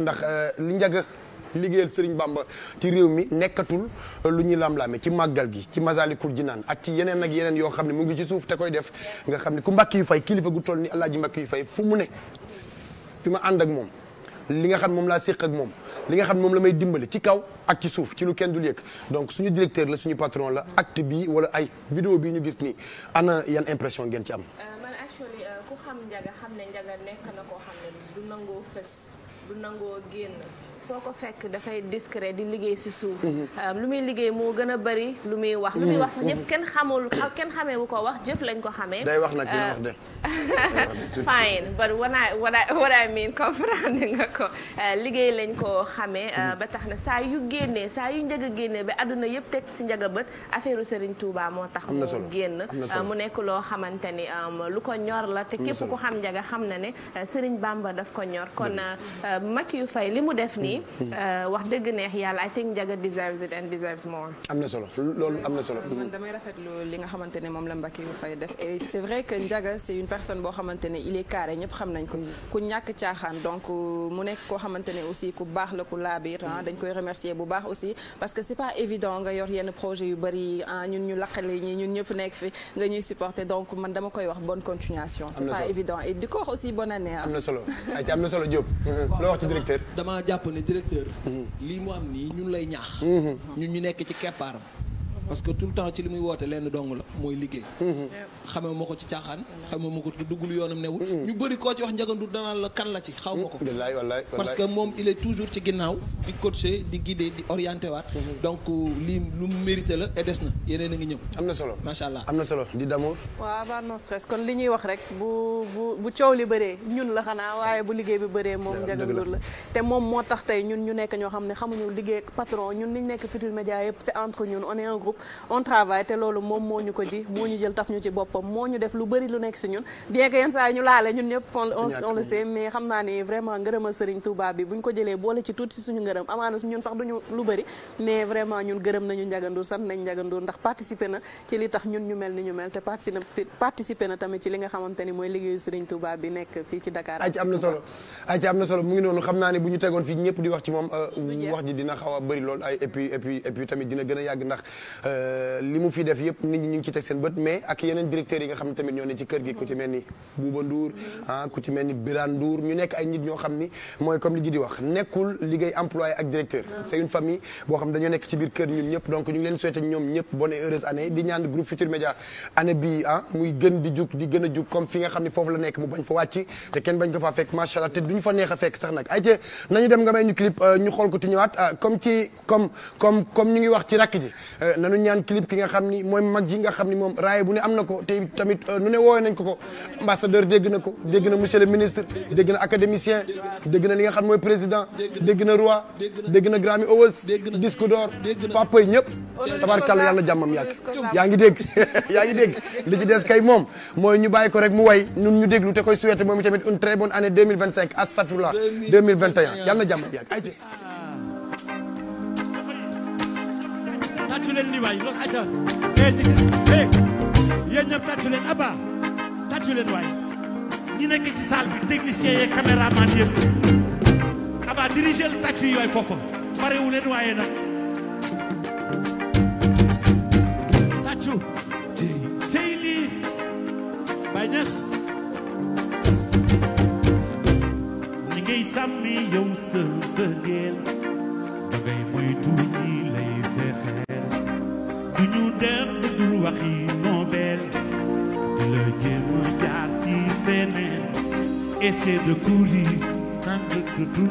ndax euh, li njaga liggéeyal Serigne Bamba ci réew mi nekkatul euh, lu ñuy lamlaame ci màggal gi ci Masalikul Jinaan ak ci yeneen ak yeneen yoo xam ne mu ngi ci suuf te koy def nga xam ne ku mbakk yu fay kilifa gu toll ni Alaaji mbàkk yu fay fu mu ne fi ma ànd ak moom li nga xam moom laa séq ak moom li nga xam moom la may dimbali ci kaw ak ci suuf ci lu kenn dul yëg donc suñu directeur la suñu patron la acte bi wala ay vidéo bii ñu gis nii ana yan impression ngeen ci am. Euh, du nangoo génn foo ko fekk dafay discret di liggéey si suuf. Mhm. Euh, lu muy liggéey moo gën a bari lu muy wax. lu muy mhm. wax sax ñëpp mhm. kenn xamul kenn xamee wu ko wax jëf lañ ko xamee. day wax nag dina euh, wax de. fine but what euh, liggéey lañ ko xamee. ba tax na saa yu génnee saa yu njëg a génnee ba àdduna yëpp teg ci njëg a bët affaire Serigne Touba moo tax. mu génn mu nekk loo xamante ni lu ko ñor la. te képp ko xam njëg xam na ne sëriñ Bamba daf ko ñor kon Makiyu Faye li mu def nii. ni. Euh, wax dëgg neex yàlla I think Jaga deserves it and deserves more. am na solo loolu am na solo. man damay rafetlu li nga xamante ne moom la Mbackiyou Faye def et c' est que Ndiaga c' une personne boo xamante ne il est carré ñëpp xam nañ ku ñàkk caaxaan donc euh, mu nekk koo xamante aussi ku baax la ku laabir ah, dañ koy remercier bu baax aussi parce que c' est pas évident nga yor yenn projet yu bëri ah, ñun ñu laqale ñi ñun ñëpp nekk fi nga ñuy supporter donc man dama koy wax bonne continuation. c' est pas évident directeur. Mhm. lii mu am nii ñun lay ñaax. Mhm. ñun ñu nekk ci keppaaram. parce que tout le temps ci li muy woote lenn dong la mooy liggéey. Mhm. xamee ma ko ci caaxaan mm. xamee ma ko ci duggul yoonam newul mm. ñu bëri koo ci wax njagandur danaan la kan la ci xaw ma ko parce que moom il est toujours ci ginnaaw di coacher di guider di orienter waat mm-hmm. donc euh, lu mu mérité la et des na yeneen a ngi ñëw am na solo macha allah am na solo di damour waaw avant non kon li ñuy wax rek bu bu bu coow li bëree ñun la xanaa waaye bu liggéey bi baree moom njagandur la te moom moo tax tey ñun ñu nekk ñoo xam ne xamuñu liggéey patron ñun liñ nekk Futurs yëpp c'est entre ñun moom moo ñu ko moo ñu jël taf ñu ci bopp boppam moo ñu def lu bëri lu nekk si ñun bien que yenn saa yi ñu laale ñun ñëpp on le sait mais xam naa ne vraiment ngërëmal Serigne Touba bi bu ñu ko jëlee boole ci tuuti si suñu ngërëm amaana ñun sax duñu lu bëri mais vraiment ñun gërëm nañu njagandur sant nañ njagandur ndax participer na ci li tax ñun ñu mel ni ñu mel te participer na tamit ci li nga xamante ni mooy liggéeyu Serigne Touba bi nekk fii ci Dakar ay ci am na solo mu ngi noonu xam naa ne bu ñu tegoon ñëpp di wax ci moom euh, wax ji dina xaw a li fi def yëpp nit ñu ci teg seen bët mais ak yeneen acteurs nga xam ne tamit ñoo ne ci kër gi ku ci mel ni Bouba Ndour ah, ñu nekk ay nit ñoo xam ni mooy comme li di wax nekkul liggéey employé ak directeur ah. c'est famille boo xam dañoo nekk ci ah, gën a jug comme fi nga xam ne foofu la nekk mu bañ fa wàcc te kenn bañ ko faa fekk macha allah te duñu fa neex a fekk sax nag ay te nañu dem nga may ñu clip euh, ñu xool ko ti ñëwaat euh, comme ci comme comme comme ñu ngi wax ci rakk ji euh, nanu ñaan clip ki nga xam tamit euh, nu ne woowee nañ ko ko ambassadeur dégg na ko dégg na monsieur le ministre dégg na académicien dégg na li nga xam mooy président dégg na roi dégg na Grammy Awards disque d'or papay ñëpp tabarkàlla yàlla jàmmam yàgg yaa ngi dégg yaa ngi dégg li ci des kay moom mooy ñu bàyyi ko rek mu way ñun ñu déglu te koy souhaité moom tamit une très bonne année 2025 astafurlah 2021 yàlla na jàmmam yàgg Hey, this yéen ñëpp tàccu leen Abba tàccu ñi nekk ci salle bi technicien yeeg caméraman yëpp Abba dirigé la tàccu yooyu foofu bariwu waaye nag tàccu cey lii Baye Niass ni ngay sàmmi yow sa bëggeel da ngay moytu ñi lay fexeel du ñu dem du waxi poubelle di la jéem a jaar ci feneen essayer de courir naan dëgg du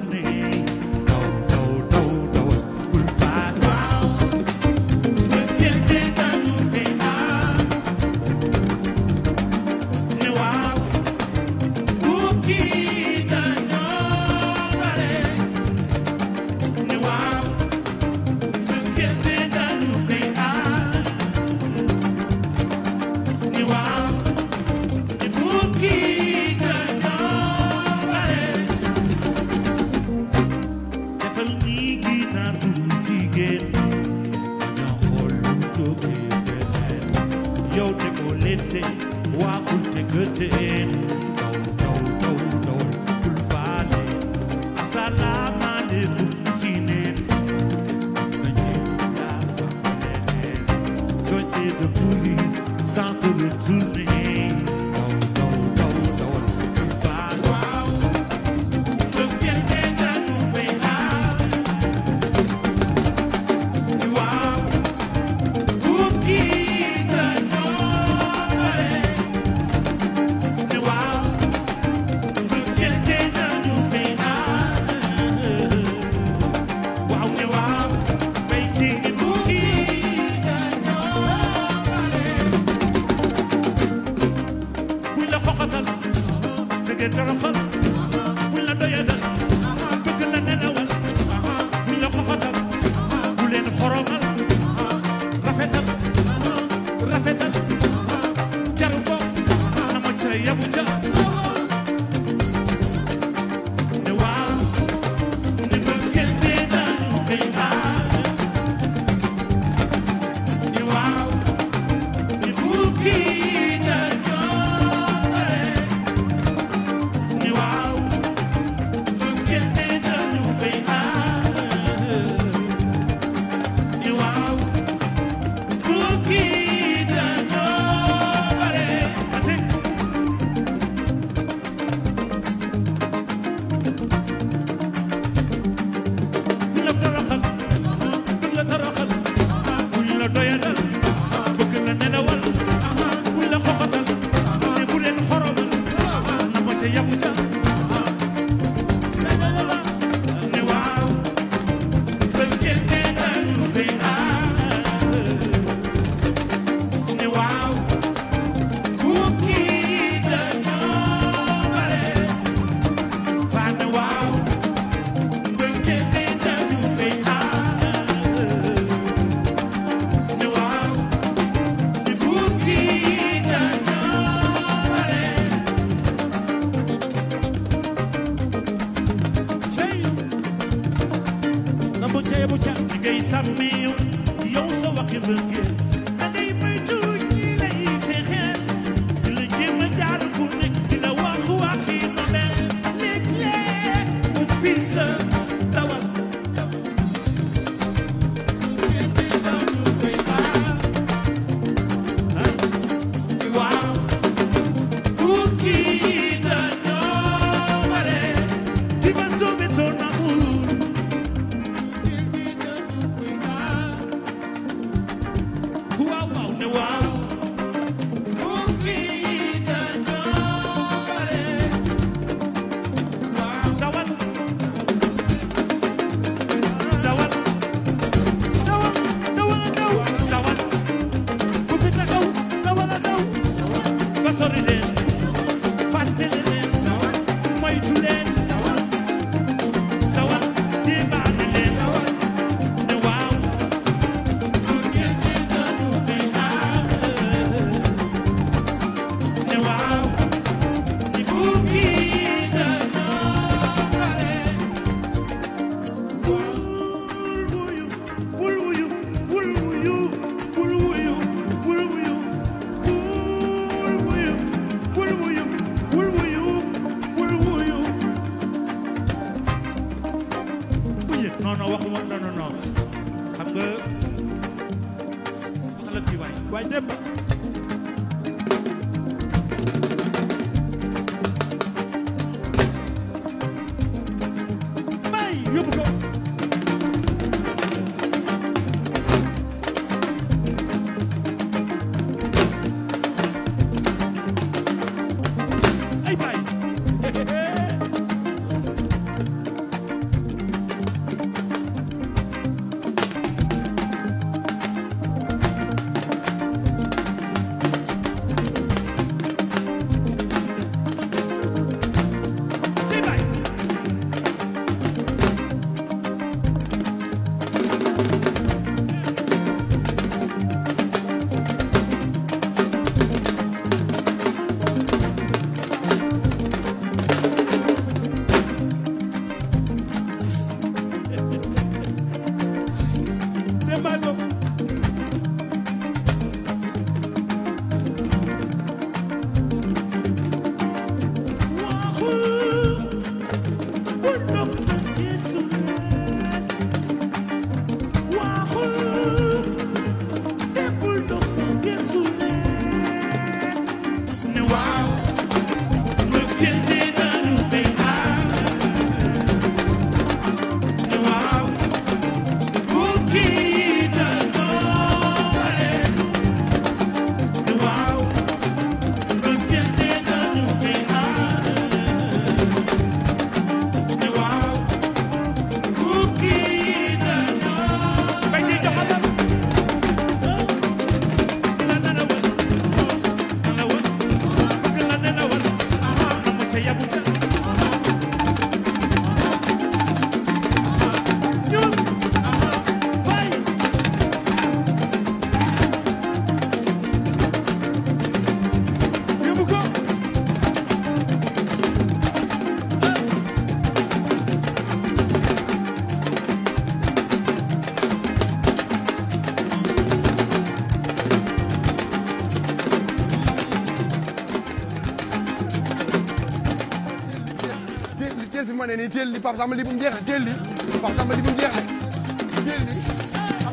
ne nii teel li Pape Samba li bu mu jeex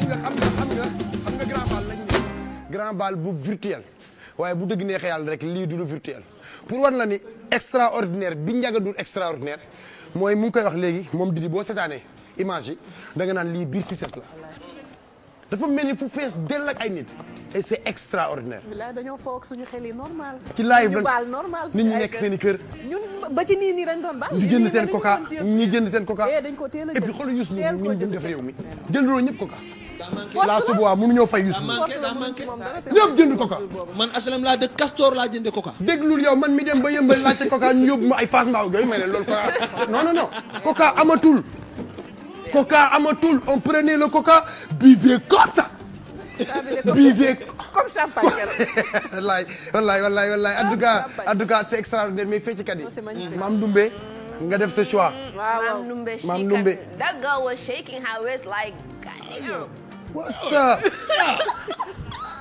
de xam nga bu virtuel waaye bu dëgg neexee yàlla rek lii du lu virtuel pour war la ni extraordinaire bi njaga dul mooy mu ngi koy wax léegi moom Didi boo seetaanee image yi naan lii biir si mel ni fu fees dell ak ay nit et c'est extraordinaire. dañoo foog suñu xel yi normal. ci live lañ normal nit ñi nekk seen i kër. ba ci nii nii dañ doon ba ñu jënd seen coca ñu jënd seen coca eh, et puis xoolal Youssou Ndour mi ñu def réew mi jënduloo ñëpp coca la suba mënu ñoo fay Youssou ñëpp jënd coca man asalam laa dëkk Castor laa jënde coca déglul yow man mi dem ba yëmbal laajte coca ñu yóbbu ma ay Fass Mbao yooyu may leen loolu coca non non non coca amatul coca comme champagne keroog. wallaay wallaay wallaay wallaay en tout cas en tout cas c'est extraordinaire mais feccikat yi. Oh, maam Dumbe. nga def sa choix. Mm. waaw maam Dumbe. that girl was shaking her waist like. what's up.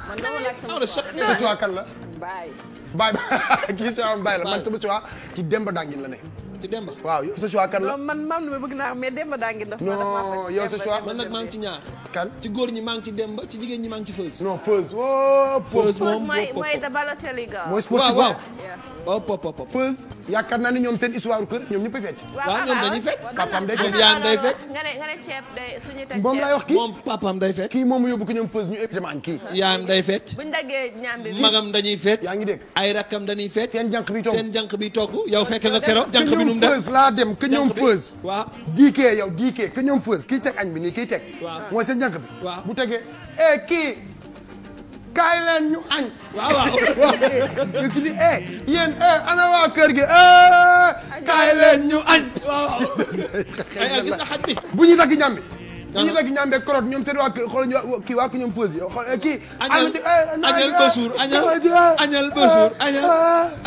man dama laaj sama choix. sa choix kan la. baay. baay kii choix am baay la man sama choix ci Demba Dangin la ne. ci Demba. waaw yow ce maam lu bëgg naa mais Demba daa ngi dox. man nag maa ci ñaar. ci góor ñi maa ngi ci Demba ci jigéen ñi maa ngi ci Feuz. non Feuz. Feuz moom mooy mooy da Balotelli ga. mooy sportif waaw waaw. pop pop Feuz. yaakaar naa ne ñoom seen histoire kër ñoom ñëpp a day fecc kii moom yóbbu ko ñoom Feuz ñu invité ma añ kii. yaan day fecc. magam dañuy fecc. ay rakkam dañuy fecc. seen jànq bi togg seen jànq nga keroog jànq bi ñoom laa dem que ñoom Feuz. waaw diikee yow diikee que ñoom Feuz kiy añ bi nii kiy teg. waaw mooy seen bi. waaw bu tegee eh kii kaay leen ñu añ. waaw waaw eh kii eh, kër gi eh, leen ñu añ. waaw waaw gis nga xaj bi. bu ñuy dagg ñam ñi bekk ñambe korot ñoom seen waa xool kii waa ko ñoom fausi eh, kii añal basuur añal añal basuur añal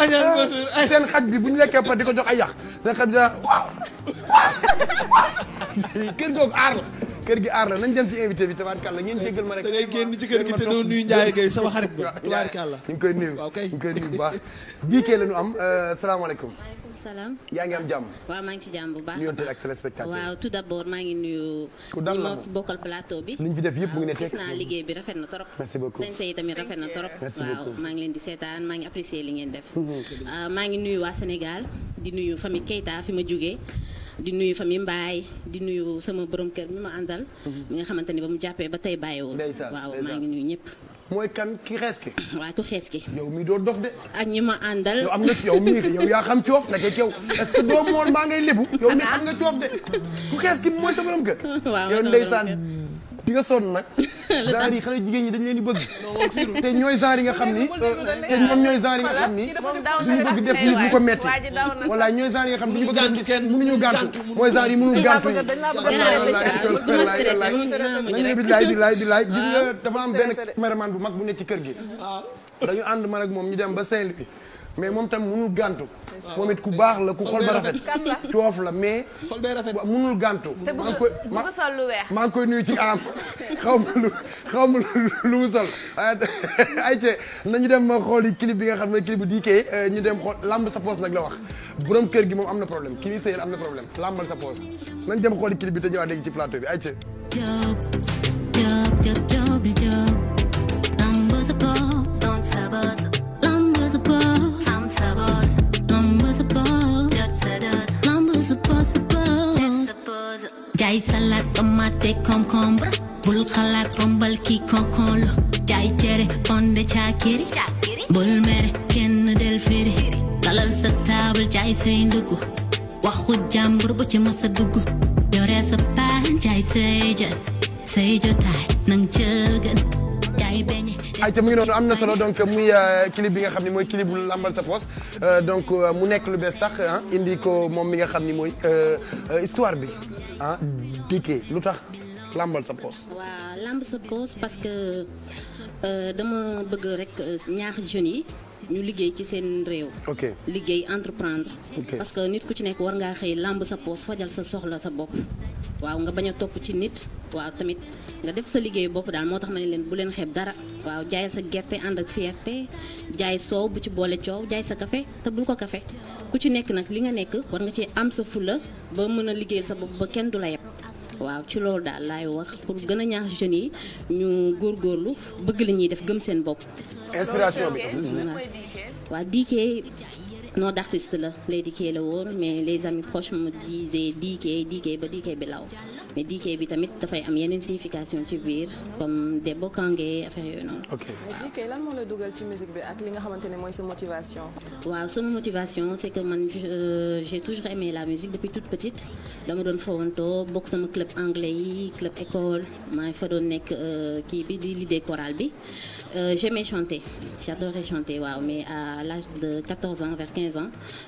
añal basuur seen xaj bi bu ñu lekkee par di ko jox ay yàq seen xaj bi da waaw kër googu aar la kër gi aar la nañ dem ci invité bi tabaarkàlla ngeen jéggal ma rek da ngay génn ci kër gi te doo nuyu Ndiaye Gueye sama xarit bi tabaarkàlla ñu ngi koy nuyu ñu ngi koy nuyu la ñu am euh, salaamaaleykum salaam. yaa ngi am jàmm. waaw maa ngi ci jàmm bu baax. nuyuwanteel ak ngi nuyu. ku dal bokkal plateau bi. li ñu fi def yëpp mu ngi ne teg gis naa liggéey bi rafet na trop. merci beaucoup seen tamit rafet na trop. waaw maa ngi leen di seetaan maa ngi apprécier li ngeen def. Mhm. Ah, maa ngi nuyu waa Sénégal di nuyu famille Keita fi ma jugee. di nuyu famille Mbaye di nuyu sama borom kër mi ma àndal. Mhm. mi nga xamante ni ba mu jàppee ba tey bàyyiwul. waaw maa ngi nuyu ñëpp. mooy kan ki xees ki. waaw ku xees ki. yow mii doo dof de. ak ñi ma àndal. yow am nga yow mii yow yaa xam coof naka yow est-ce que doo moon maa ngay lébu yow mii xam nga coof de ku xees ki mooy sa borom kër. waaw yow ndeysaan di nga sonn nag. genre xale jigéen ñi dañ leen di bëgg. te ñooy genre yi nga xam ni. te ñoom ñooy genre yi nga xam ni. duñu bëgg def nit lu gàntu. mooy genre yi gàntu yi. nañu billaay billaay ah, dafa am benn cameraman bu mag bu ne ci kër gi. Ah. dañu ànd man moom ñu dem ba Saint-Louis mais moom tam mënul gàntu. moom it ku baax la ku xol ba rafet. coof la mais. xol bee rafet mënul gàntu. te bu ko sol maa ngi koy nuyu ci am xaw ma lu xaw ma lu mu sol. ayca nañu dem xooli clip bi nga xam ne clip bi diikee euh, ñu dem xool lamb sa poos nag la wax borom kër gi moom am na problème kii sëyal am na problème lambal sa poos nañ dem xooli clip bi te ñëwaat léegi ci plateau bi ayca. job job job xalaat bombal ki konkon lo jaay cere fonde caakiri bul mere kenn del firi dalal sa taabal jaay say ndugu waxu jàmbur bu ci masa dugg yore sa paan jaay say jën say jotaay nang cëgën jaay beñe ay te mu am na solo donc muy euh, clip bi nga xam ne mooy clip bu lambal sa poos euh, donc euh, mu nekk lu bees sax ah, ko moom mi nga xam ni mooy histoire bi ah lu tax làmbal sa poos. waaw làmb sa poos parce que euh, dama bëgg rek euh, ñaax jeunes yi. ñu liggéey ci seen réew. ok liggéey entreprendre. Okay. parce que nit ku ci nekk war ngaa xëy làmb sa poos fajal sa soxla sa bopp. waaw nga bañ a topp ci nit. waaw tamit nga def sa liggéey bopp daal moo tax ma ne leen bu leen xeeb dara. waaw jaayal sa gerte ànd ak fierte jaay soow bu ci boole coow jaay sa kafe te bul ko kafe ku ci nekk nag li nga nekk war nga ci am sa fula ba mën a liggéeyal sa bopp ba kenn du la yeb. waaw ci loolu daal laay wax pour gën a ñaax jeunes yi ñu góor góorlu bëgg li ñuy def gëm seen bopp. inspiration bi. waa diikee nom d'artiste là Lady K la woon mais les amis proches me disaient DK ba DK bi law mais DK bi tamit dafay am yeneen signification ci biir comme des bokange affaire yooyu noonu. ok DK moo la dugal ci musique bi ak li nga xamante ne mooy sa motivation. waaw sama motivation c'est que man euh, j'ai toujours aimé la musique depuis toute petite dama doon fowantoo bokk sama club anglais yi club école maa fa doon nekk euh, kii bi di leader chorale bi euh, j'aimais chanter j'adorais chanter waaw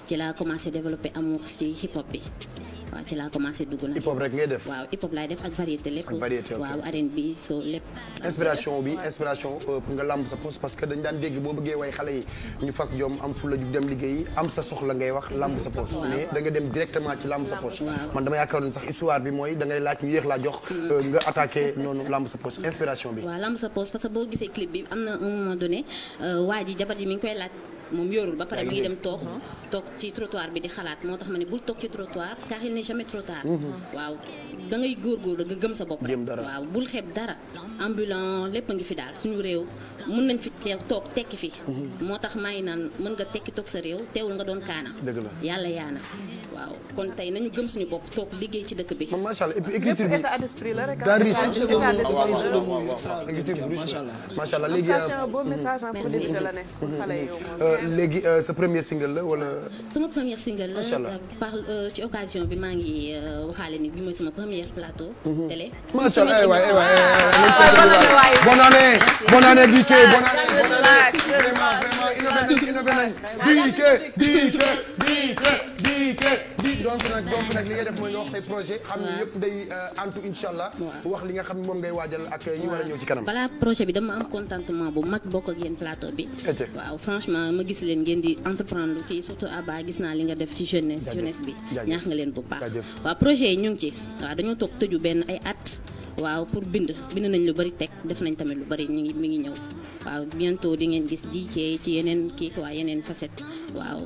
ci laa commencé développé amour ci hip hop bi. waaw ci laa commencé dugg nag. hip hop rek ngay def hip hop laay def ak variété lépp. variété waaw arène bi soo lépp. inspiration bi euh, am sa soxla ngay wax làmb sa poche. mais da nga dem directement ci làmb sa poche. man dama yaakaaroon sax histoire bi mooy da laaj ñu yéex laa jox. Hmm. Euh, nga attaqué noonu làmb sa poche inspiration bi. waaw làmb sa poche parce que boo gisee clip bi am na un moment donné euh, waa ji jabar yi mi moom yorul ba pare mi ngi dem toog toog ci trottoir bi di xalaat moo tax ma ne bul toog ci trottoir car il n'est jamais trop tard. Mhm. waaw da ngay góorgóorlu nga gëm sa bopp rek. waaw bul xeeb dara. ambulant lépp a ngi fi daal suñu réew mën nañ fi teew toog tekki fi. Mhm. moo tax maa ngi naan mën nga tekki toog sa réew teewul nga doon kaana. dëgg la yàlla yaana waaw kon tey nañu gëm suñu bopp toog liggéey ci dëkk bi. macha allah et puis écriture bi état d'esprit la rek. daa riche macha allah léegi. Mhm. Euh, euh, sa premier single la wala. Euh, sama première single la. Euh, parle euh, ci occasion bi maa ngi waxaale ni bi mooy sama première plateau. Mhm. télé. macha allah aywa aywa bonne année. bonne année Dike bonne année bonne année vraiment vraiment innové nañ innové nañ Dike Dike Dike Dike Dike donc nag donc nag li ngay def mooy nga wax say projet xam ne yëpp day antu incha allah. wax li nga xam ne moom ngay waajal ak yi war a ñëw ci kanam. balaa projet bi dama am contentement bu mag bokk ak yéen plateau bi. waaw franchement ma gis leen ngeen di entreprendre fii surtout Abba gis naa li nga def ci jeunesse jeunesse bi ñaax nga leen bu baax waaw projet yi ñu ngi ci waaw dañoo toog tëju benn ay at waaw pour bind bind nañ lu bari teg def nañ tamit lu bari ñu ngi mi ngi ñëw waaw bientôt di ngeen gis di ci yeneen kii waa yeneen facette waaw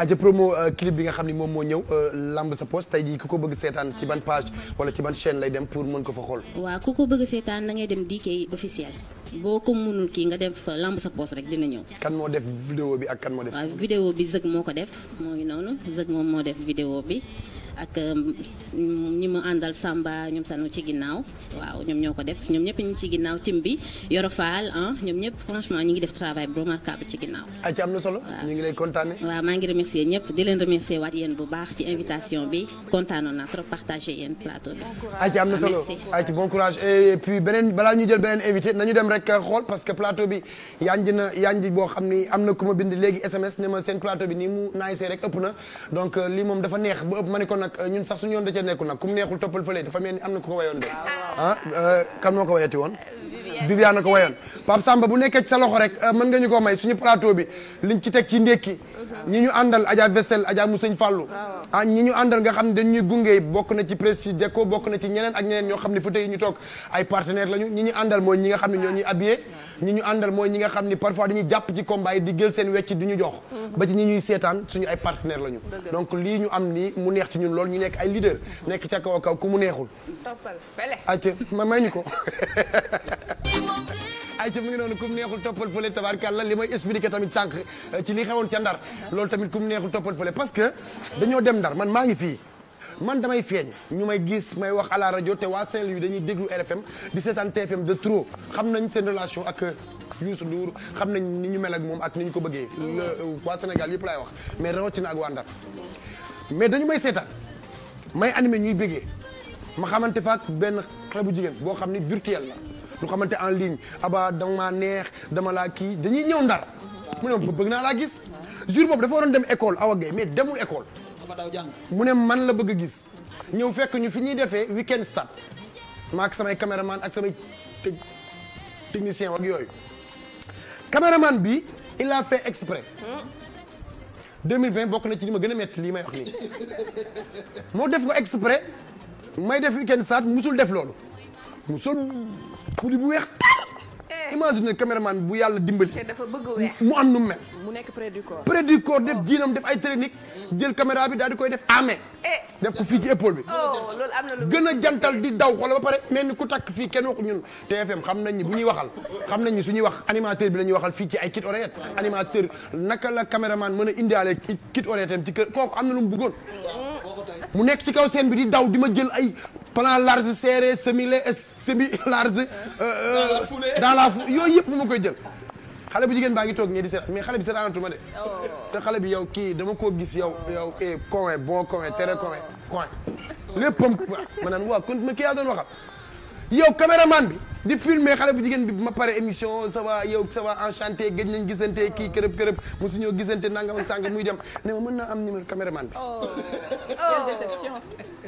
aja ah, promo euh, clip bi nga xam ne moom moo ñëw euh, lamb sa poste tey jii ku ko bëgg seetaan ci ban page wala ci ban chaîne lay dem pour mën ko fa xool. waa ku ko bëgg seetaan da ngay dem DK officiel boo ko mënul kii nga def lamb sa poste rek dina ñëw. kan moo def vidéo bi ak kan moo def. waaw vidéo bi Zëg moo ko def moo ngi noonu Zëg moom moo def vidéo bi. ak euh, ñi mu àndal Samba ñoom sanu ci ginnaaw waaw ñoom ñoo ko def ñoom ñëpp ñu bi ah, ngi def travail bu remarquable ci ginnaaw. ayca am na solo. ñu ci bon courage et puis beneen balaa ñu jël beneen invité nañu dem rek xool parce que plateau bi yanj na yanj boo xam ni am na ku ma bind léegi SMS ne ma seen plateau bi nii mu naay rek ëpp na donc euh, lii moom dafa neex bu ëpp ma ne kon nag nag euh, ñun sax suñu yoon da cee nekkul nag ku mu neexul toppal fële dafa mel ni am na ko wayoon de. ah, ah euh, kan moo ko wayati woon. Viviane na ko wayoon Pape Samba bu nekkee ci sa loxo rek euh, mën nga ñu ko may suñu plateau bi liñ ñu àndal Adja Vessel Adja Moussañ Fallou ah, ah ñi ñu àndal nga xam ne dañuy gunge bokk bokk na ci ñeneen ak ñeneen ñoo xam ne fa tey ñu toog ay partenaire lañu ñi ñu àndal mooy ñi nga xam ne ñoo ñuy ah. ñu àndal mooy ñi nga xam ne parfois dañuy jàpp ci combat yi di jël seen wecc di ñu jox mhm. ba ci ñi seetaan suñu ay partenaire lañu am nii mu neex ci ñun ñun loolu ñu nekk ay leader nekk ca kaw kaw ku mu neexul. toppal fële. ma may ni ko. ayca mi ngi noonu ku mu neexul toppal fële tabarkàlla li may expliqué tamit sànq eh, ci li xewoon ca ndar. loolu tamit ku mu neexul toppal fële parce que dañoo dem ndar man maa ngi fii. man damay feeñ ñu may gis may wax à la te waa Saint-Louis dañuy déglu RFM di seetaan TFM de trop xam nañ seen relation ak euh, Youssou Ndour xam nañ ni ñu mel moom ak ni ñu ko bëggee. Euh, waa Sénégal yëpp laay wax mais rawatina ak waa mais dañu may seetaan may animé ñuy bëggee ma xamante faak benn xale bu jigéen boo xam ni virtuel la lu xamante en ligne aba dama maa neex dama laa kii dañuy ñëw ndar mu ne ma bëgg naa laa gis jour boobu dafa waroon dem école awa gay mais demul école mu ne man la bëgg a gis ñëw fekk ñu fi ñuy defee weekend start ma ak samay caméraman ak samay technicien ak yooyu caméraman bi il a fait exprès hmm. 2020 bokk na ci li ma gën a métti lii may wax nii moo def ko exprès may def weekend saat musul def loolu musul pudi bu weex tar Eh. imagine caméraman bu yàlla dimbali. dafa bëgg weex mu am nu mel. mu nekk près du corps. près du corps def oh. jiinam def ay technique jël caméra bi daal di koy def amee. Eh. def ko fii ci épaule bi. Oh, loolu na jantal di daw xool ba pare mel ku takk fii kenn waxu ñun. TFM xam nañ ni bu ñuy waxal xam nañ su ñuy wax animateur bi la ñuy waxal fii ci ay kit oreillette. animateur naka la caméraman mën a indiaale kit oreillette ci kër kooku am na lu mu bëggoon. Mm. mu nekk ci kaw scène bi di daw di ay plan large serré semi semi-large euh, dans la euh, foule yooyu yëpp ma koy jël xale bu jigéen baa ngi toog nii di seetaan mais xale bi seetaanatuma de oh. te xale bi yow kii dama koo gis yow yow e coin bon coin tere coin coin oh. léppam quoi maanaam waaw kon ma kii yaa doon waxal yow caméraman bi di filmer xale bu jigéen bi ma pare émission ça va yow ça va enchanté gëj nañ gisante kii kërëb kërëb mosu ñoo gisante nangam ak sànq muy dem ne ma mën naa am numéro caméraman bi. oh, oh. quelle déception.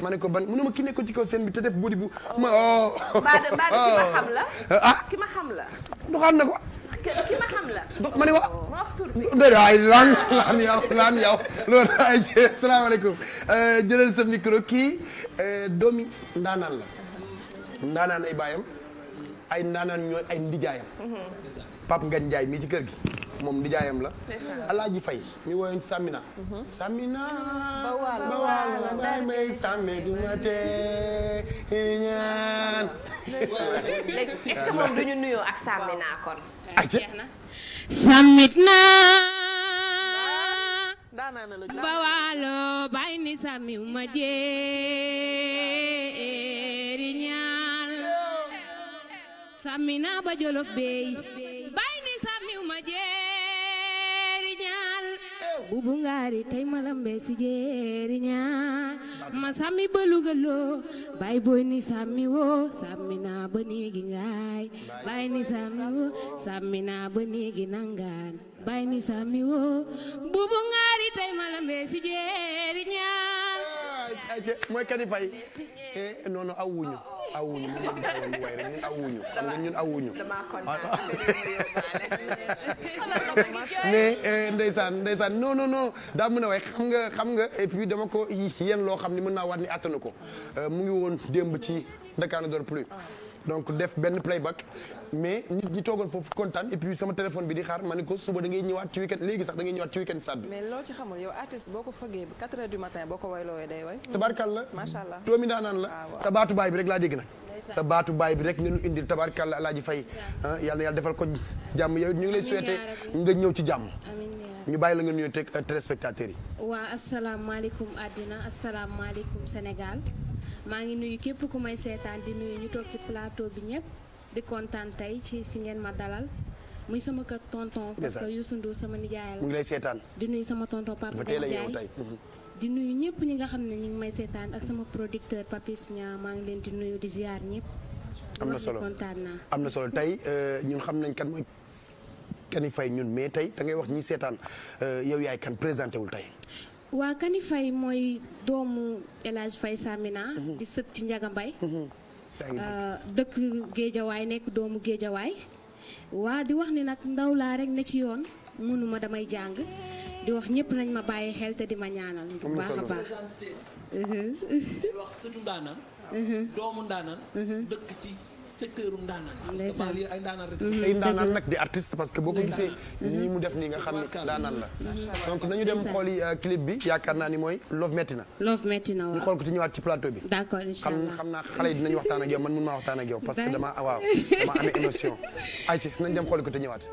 ma ne ko ban mu ne ma ki nekk ci kaw scène bi te def body bu oh. ma oh. Mbada Mbada ki ma xam la. ah ki ma xam la. doxaan na ko. ki ma xam la. do ma ne wax. Oh. ma wax tur bi déedéet ay lan lan yow lan yow loolu ay salaamaaleykum euh, jëlal sa micro kii euh, doomi ndaanaan la. ndaanaan ay baayam ay ndaanaan ñooy ay ndijaayam Pape Ngagne mii ci kër gi moom ndijaayam la alaaji fay mi woyoon Samina mhm. Samina ba waalo bay ni sàmmiw ma jeeri sàmmi naa ba jolof beey bay ni sàmmiw ma jeeri ñaal bubu ngaari tey ma lambee si jeeri ñaal ma sàmmi ba bay boy ni sàmmi woo sàmmi naa ba néegi ngaay bay ni sàmmi woo sàmmi naa ba néegi nangaan bay ni sàmmi woo bubu ngaari tey ma lambee si jeeri ñaal mooy Kani Faye eh, non non awuñu awuñu ñun awuñu xam nga ñun awuñu e ndeysaan ndeysaan non non non daa mën a way xam nga xam nga et puis dama ko yéen loo xam ni mën naa war ni attanu ko eh, mu ngi woon démb ci Dakar ne plus donc def benn playback mais nit ñi toogoon foofu kontaan et puis sama téléphone bi di xaar ma ne ko suba da ngay ñëwaat ci weekend léegi sax da ngay ñëwaat ci weekend sad bi. mais loo ci xamul yow artiste boo ko fëggee 4 heures du matin boo ko wayloowee day way. tabarkalla macha allah doomi la. Ah, sa baatu baay bi rek laa dégg nag. sa baatu baay bi rek ngeen indil tabarkalla alaaji fay. Ah, yàlla yàlla defal ko jàmm yow ñu ngi lay souhaité nga ñëw ci jàmm. ñu bàyyi la nga te teg euh, téléspectateurs yi. waa asalaamaaleykum àddina asalaamaaleykum Sénégal maa ngi nuyu képp ku may seetaan di nuyu ñu toog ci plateau bi ñëpp di kontaan tey ci fi ngeen ma dalal. muy sama kër tonton. parce que Youssou Ndour sama nijaay mu ngi lay seetaan. di nuyu sama tonton Papa Ndiaye mhm. di nuyu ñëpp ñi nga xam ne ñi ngi may seetaan ak sama producteur Papis maa ngi leen di nuyu di ziar ñëpp. am na solo kontaan am na solo tey euh, ñun xam nañ kan mooy. Kanifay ñun mais tey da ngay wax ñi seetaan euh, yow yaay kan présenté wul tey. waa fay mooy doomu élage fay Faye Samina. Mhm. di sët ci Ndiaga Mbaye. Mhm. Euh, dëkk Géejawaay nekk doomu Géejawaay. waa di wax ni nag ndaw laa rek ne ci yoon mënuma damay jàng di wax ñëpp nañ ma bàyyi xel te di ma ñaanal. bu mhm. doomu Ndaanaan. secteur ndaanaan. parce que lii ay mm-hmm. que boo ko gisee. Mm-hmm. nii def nii nga xam ne ndaanaan la. donc nañu dem xooli euh, clip bi yaakaar naa ni mooy love metti na. love metti na waaw ñu xool ko ci ñëwaat ci plateau bi. xam naa xale yi dinañu waxtaan ak yow man mun maa waxtaan ak yow. parce que dama amee émotion. ayca nañu dem xool ko te ñëwaat.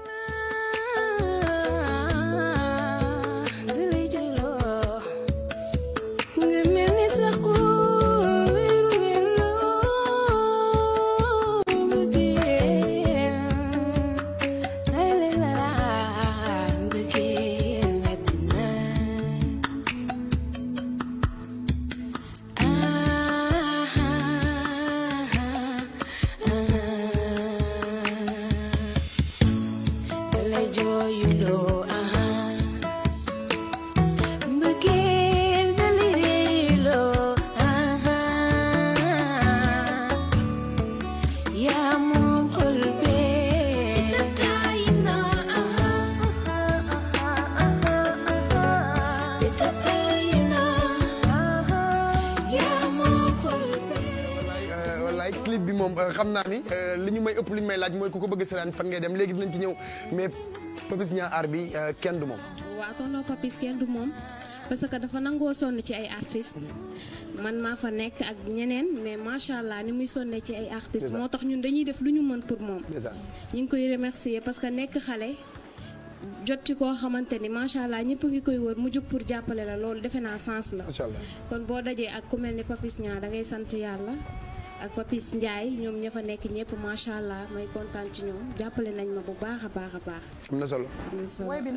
laaj mooy ku ko bëgg seetaan fan ngay dem léegi dinañ ci ñëw mais Papis ñaa aar bi euh, kenn du moom. waaw kon noo Papis kenn du moom parce que dafa nangoo sonn ci ay artistes. man maa fa nekk ak ñeneen mais macha allah ni muy sonnee ci ay artistes. moo tax ñun dañuy def lu ñu mën pour moom. ñu ngi koy remercier parce que nekk xale. jot ci koo xamante ni macha allah ñëpp ngi koy wër mu jug pour jàppale la loolu defe naa sens la. kon boo dajee ak ku mel ni Papis Niang da ngay sant yàlla. ak Papis Ndiaye ñoom ña fa nekk ñëpp macha allah may kontaan ci ñoom jàppale nañ ma bu baax a baax a baax. am na solo am na solo mooy bi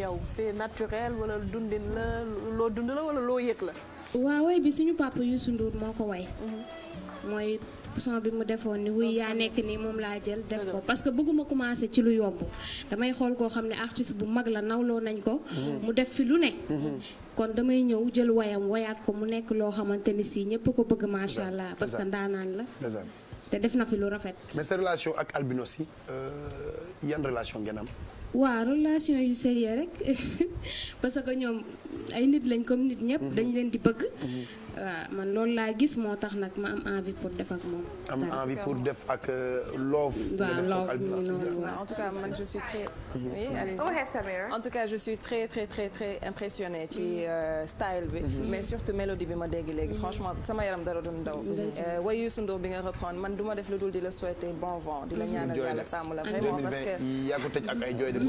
yow c'est naturel wala dundin la loo dund la yëg la. waaw bi suñu papa Youssou Ndour moo ko way. mooy son bi mu defoon ni wuy yaa nekk nii moom laa jël def ko parce que bëgguma commencer ci lu yomb damay xool koo xam ne artiste bu mag la nawloo nañ ko mm-hmm. mu def fi lu ne mm-hmm. kon damay ñëw jël wayam wayaat ko mu nekk loo xamante ni si ñëpp ko bëgg macha allah parce que ndaanaan la te def na fi lu rafet mais sa relation ak albinos yi euh, yan relation ngeen am waaw relation yu sérieux rek parce que ñoom ay nit lañ comme nit ñëpp mhm. dañ leen di bëgg mhm. waaw man loolu laa gis moo tax nag ma am envie pour def ak moom. am euh, pour def ak love. waaw love en tout cas man je suis très. oui allez-y en tout impressionnée ci mm-hmm. euh, style bi. Mm-hmm. mais surtout mélodie bi ma dégg léegi mm-hmm. franchement sama yaram dara doon daw. Euh, way Youssou Ndour bi nga man du ma def lu dul di la souhaiter bon vent. di la ñaanal yàlla sàmm la vraiment parce que. yaa ko tëj ak ay jooy de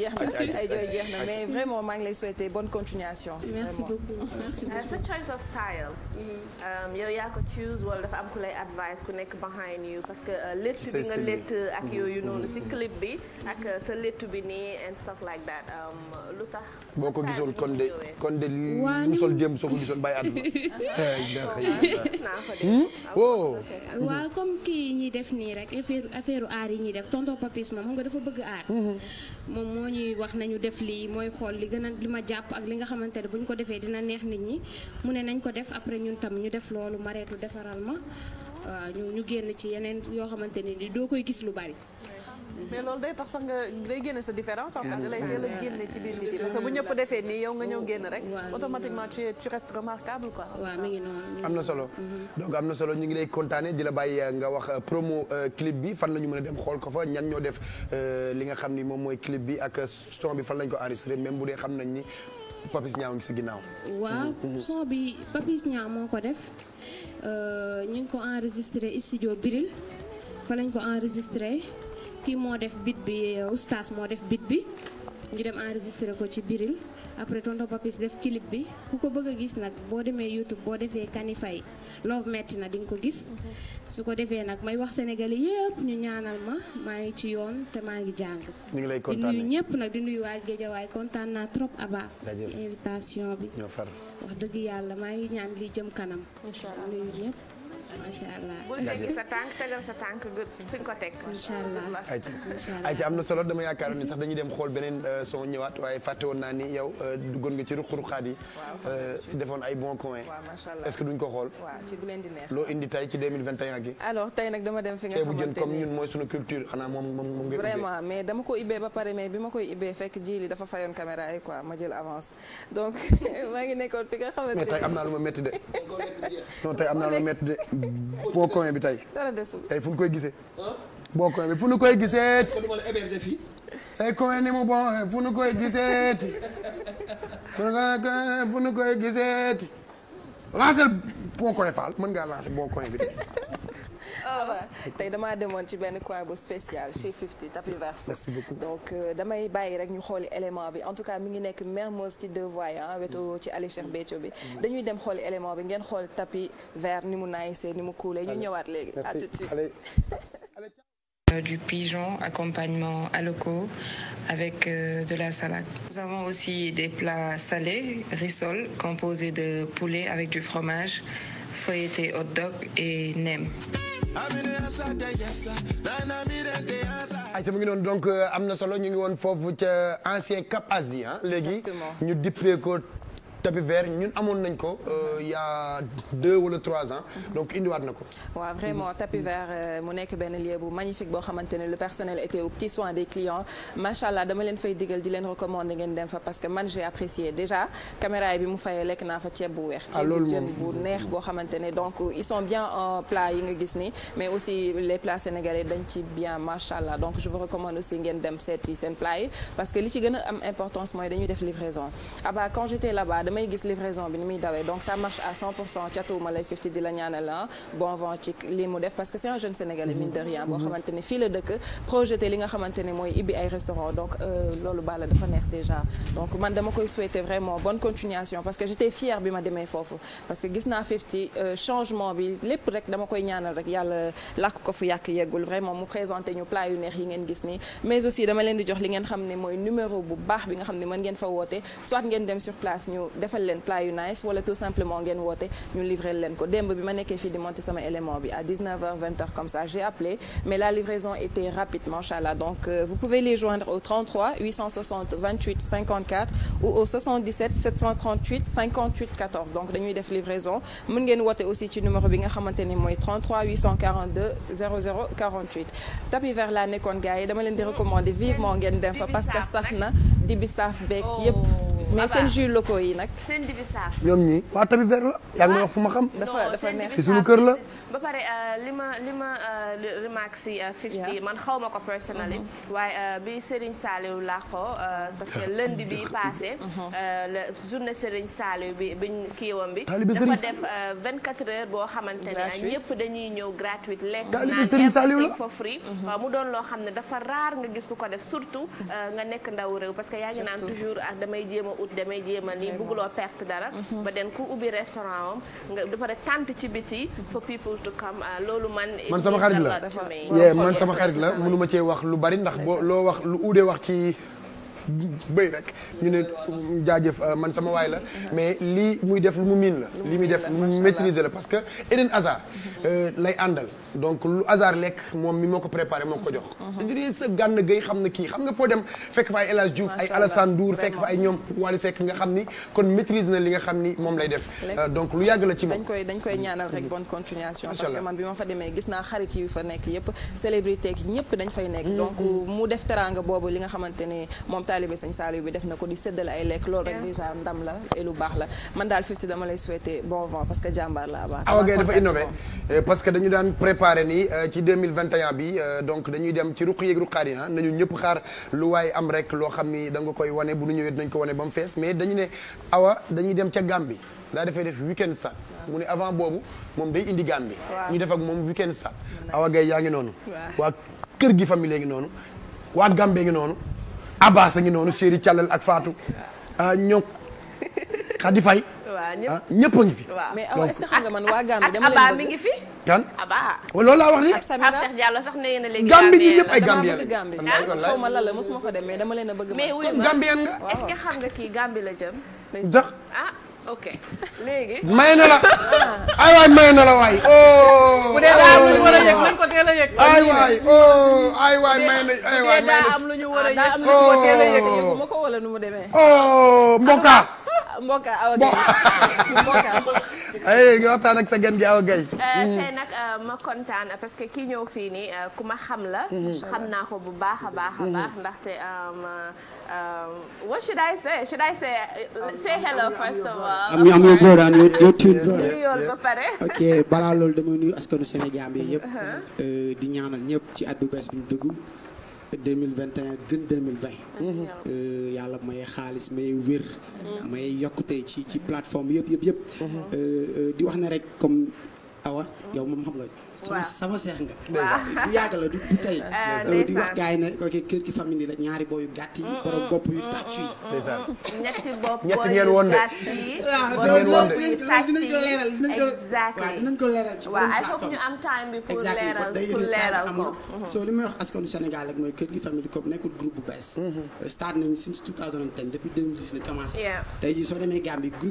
jeex ay jooy na mais vraiment maa ngi lay souhaiter bonne continuation. merci beaucoup. choice of mm-hmm. um, yow yaa ko choose wala dafa am ku nekk behind parce que euh, létt bi nga ak mm-hmm. yooyu noonu si mm-hmm. clip bi ak euh, sa létt bi nii and stuff like that um, boo ko gisoon kon de kon de lu sol démb soo ko gisoon bàyyi àdduna. waaw comme kii ñuy def nii rek affaire affaire aar yi ñuy def tonton Papis moom nga dafa bëgg aar. Hmm. moom moo ñuy wax nañu def lii mooy xool li gën a li ma jàpp ak li nga xamante ne bu ñu ko defee dina neex nit ñi. mu ne nañ ko def après ñun tam ñu def loolu mareetu defaral ma waaw ñu ñu génn ci yeneen yoo xamante ni di doo koy gis lu bari. mais loolu day tax sax nga day génne sa différence en fait lay teel génne ci biir nit yi defee nii yow nga ñëw génn rek automatiquement tu tu restes remarquable quoi waaw mi ngi am na solo mhm. donc am na solo ñu ngi lay kontaane di la bàyyi euh, nga wax euh, promo euh, clip bi fan la ñu mën a dem xool ko fa ñan ñoo def li nga xam ni moom mooy clip bi ak son bi fan lañ ko enregistré même bu dee xam nañ ni Papis Niang ngi si ginnaaw. waaw son bi Papis Niang moo ko def euh, ñu ngi ko enregistré studio Biril fa lañ ko enregistré kii moo def bit bi oustaz moo def bit bi ñu dem enregistré ko ci Biril après tonton Papis def clip bi ku ko bëgg a gis nag boo demee YouTube boo defee Kani Faye loo metti na di nga ko gis su ko defee nag may wax sénégali yëpp ñu ñaanal ma maa ngi ci yoon te maa ngi jàng ñu ngi lay kontaan di nuyu ñëpp nag di nuyu waa Géejawaay kontaan naa trop Aba invitation bi ñoo far wax dëgg yàlla maa ngi ñaan li jëm kanam nuyu ñëpp macha allah boo tegee sa tànk tegal sa tànk fi nga ko teg. macha allah ayca am na solo dama yaakaar woon naa ni yow euh, duggoon nga ci ruq-ruqaat yi. Euh, defoon ay bon coin. est-ce que duñ ko xool. waaw ci bu leen di neex. loo gi. alors tey nag dama dem fi nga xamante ko ibbee am naa lu ma métti de boo coin bi tey. dara desul tey koy gisee. boo coin bi fu ñu koy gisee. say coin ni mu bon fu ñu koy gisee. fu ñu koy gisee. lancer faal mën ngaa lancer boo coin bi Ah, tey damaa demoon ci benn coin bu spécial ci Fifty tapis vert merci donc euh, damay bàyyi rek ñu xooli élément bi en tout cas mi ngi nekk Mermoz ci deux voies wetu ci Ali Cheikh Béthio bi dañuy dem xooli élément bi ngeen xool tapis vert ni mu naayisee ni mu kuulee ñu ñëwaat léegi à tout de suite euh, du pigeon accompagnement à avec euh, de la salade. Nous avons aussi des plats salés, rissol, composés de poulet avec du fromage, feuilleté hot dog et nem. ayca mu ngi noonu donc euh, am na solo ñu ngi woon foofu ca ancien Cap Asie ah. léegi ñu dippee ko tapis vert ñun amoon nañ ko euh, il y a deux wala trois ans donc indiwaat na ko. waaw vraiment tapis vert euh, mu nekk benn lieu bu magnifique boo xamante ne le personnel était au petit soin des clients macha allah dama leen fay digal di leen recommander ngeen dem fa parce que man j'ai apprécié déjà caméra yi bi mu fayee lekk naa fa ceeb bu weex. Ah, loolu ceeb bu neex boo xamante ne donc ils sont bien en plat yi nga gis ni mais aussi les plats sénégalais dañ ci bien macha allah donc je vous recommande aussi ngeen dem seeti seen plat parce que li ci gën a am importance mooy dañuy def livraison ah damay gis livraison bi ni muy dawee donc ça marche man dama koy souhaiter bonne continuation parce que j'étais fière bi ma demee foofu parce que gis naa euh, changement bi lépp rek dama koy ñaanal rek yàlla làkk ko fu yàq yeggul mu présenté ñu plat yu neex yi ngeen gis nii mais aussi dama leen di jox li ngeen xam ne mooy numéro bu baax bi nga xam ne mën ngeen fa woote soit ngeen dem sur place ñu defal leen plat yu nice wala tout simplement ngeen woote ñu livré leen ko démb bi ma nekkee fii di monter sama élément bi à 19h 20h comme ça j'ai appelé mais la livraison était rapide machallah donc euh, vous pouvez les joindre au 33 860 28 54 ou au 77 738 58 14 donc dañuy def livraison mën ngeen woote aussi ci numéro bi nga xamante ni mooy 33 842 00 48 tapis vert laa nekkoon gars yi dama leen di recommander vivement ngeen dem fa parce que saf na dibi saaf beek oh. yépp mais ah seen jus locaux yi nag seen dibi saaf. ñoom ñii waa tamit verre la. yaa ngi fu ma xam. dafa dafa neex ci suñu kër la. ba pare ah, li ma li ma ah, remarque si ah, man xaw ma ko personnally mm-hmm. waaye bi Serigne Saliou laa ko parce que lundi bi passé mm-hmm. la journée Serigne Saliou bi biñ kiiwam bi dafa def 24 heures boo xamante ne ñëpp dañuy ñëw gratuite lekk naan for free mm-hmm. waaw mu doon loo xam ne dafa raar nga gis ku ko def surtout nga nekk ndaw réew parce que yaa ngi naan toujours ak damay jéem ut damay jéem a nii bëgguloo perte dara ba den ku ubbi restaurant am nga dafa tànt ci biti for people able to ah, loolu man. man sama xarit la yee man sama xarit la mënuma cee wax lu bari ndax boo loo wax lu uudee wax ci. bëy rek ñu ne jaajëf ah, man sama waay la mais lii muy def lu mu miin la. li muy def lu mu maîtriser la parce que Eden Hazard euh, lay àndal. donc lu hasard lekk moom mi moo ko préparé moo ko jox. Mhm. na kii xam nga foo dem xam ni moom lay def. Euh, la ci moom. dañ koy dañ koy ñaanal rek bonne continuation. parce que man bi ma fa demee gis naa xarit yi fa nekk yëpp célébrité ki ñëpp dañ fay nekk. Mhm. donc mu def teranga boobu li nga xamante ne bi def na ko di séddale ay lekk la man daal Fifty dama lay souhaiter bon vent parce que jàmbaar la abaa. Ah, dafa innové euh, parce dañu daan préparé préparé nii euh, ci 2021 bi euh, donc dañuy dem ci ruq yeeg ruqaat yi ah nañu ñëpp xaar lu waaye am rek loo xam ni da koy wane bu nu ñëwee dinañ ko wane ba mu fees mais dañu ne awa dañuy dem ca Gambie daa defee def weekend sax mu ne avant boobu moom day indi Gambie ñu def ak moom weekend sax awa gay yaa ngi noonu waa kër gi famille léegi noonu waa Gambie ngi noonu Abbas a ngi noonu Chéri Càllal ak Fatou ah, ñoo Khady Faye Ah, ñëpp a ngi fi. mais awa est-ce que xam nga man waa Gambie ah, dama leen bëgg Aba mi ngi fi. kan Aba. Oh, loolu laa wax ni. ak Samira Cheikh Diallo sax nee na léegi. Gambie ñi ñëpp ay Gambien lañ. Gambie ah, xaw ma lan la mosuma fa dem mais dama leen a bëgg. mais wuy ma Gambien nga. est-ce que xam nga kii Gambie la jëm. ndax ah. ok léegi. may na la ay waay may na la waay. Oh. bu dee daa am lu ñu war a yëg oh. nañ ko teel a yëg. ay waay ay waay may na ay waay may na daa am lu ñu war a yëg. daa am lu ñu war a teel a yëg. bu ma ko wala nu mu demee. mbokka. Mboka Awa Gaye. Mboka. ay nga waxtaan ak sa gan gi Awa Gaye. Eh, nag eh, ma kontaan parce que ki ñëw fii nii eh, ku ma xam la. Mm-hmm. xam naa ko bu baax a baax a mm-hmm. baax ndaxte. Um, um, what should I say say hello first of all. am am yoo góor you yoo ba pare. ok balaa loolu dama nuyu askanu Sénégal bi yëpp. Uh-huh. di ñaanal ñëpp ci at bu bees bi 2021 gën 2020 mm-hmm. euh, yàlla may xaalis may wér mm-hmm. may yokkute ci ci plateforme yëpp yëpp yëpp mm-hmm. euh, euh, di wax na rek comme awa yow moom xam nga sama sama seex nga. bu yàgg la du du tey. Eh, di wax kër gi famille yi. borom bopp yu tàcc yi. ñetti bopp booyu gàtt ko leeral ci waaw il faut ñu am time bi pour leeral pour leeral ko. soo li may wax kër gi famille comme nekkul groupe bu bees. start nañu since 2010 depuis 2010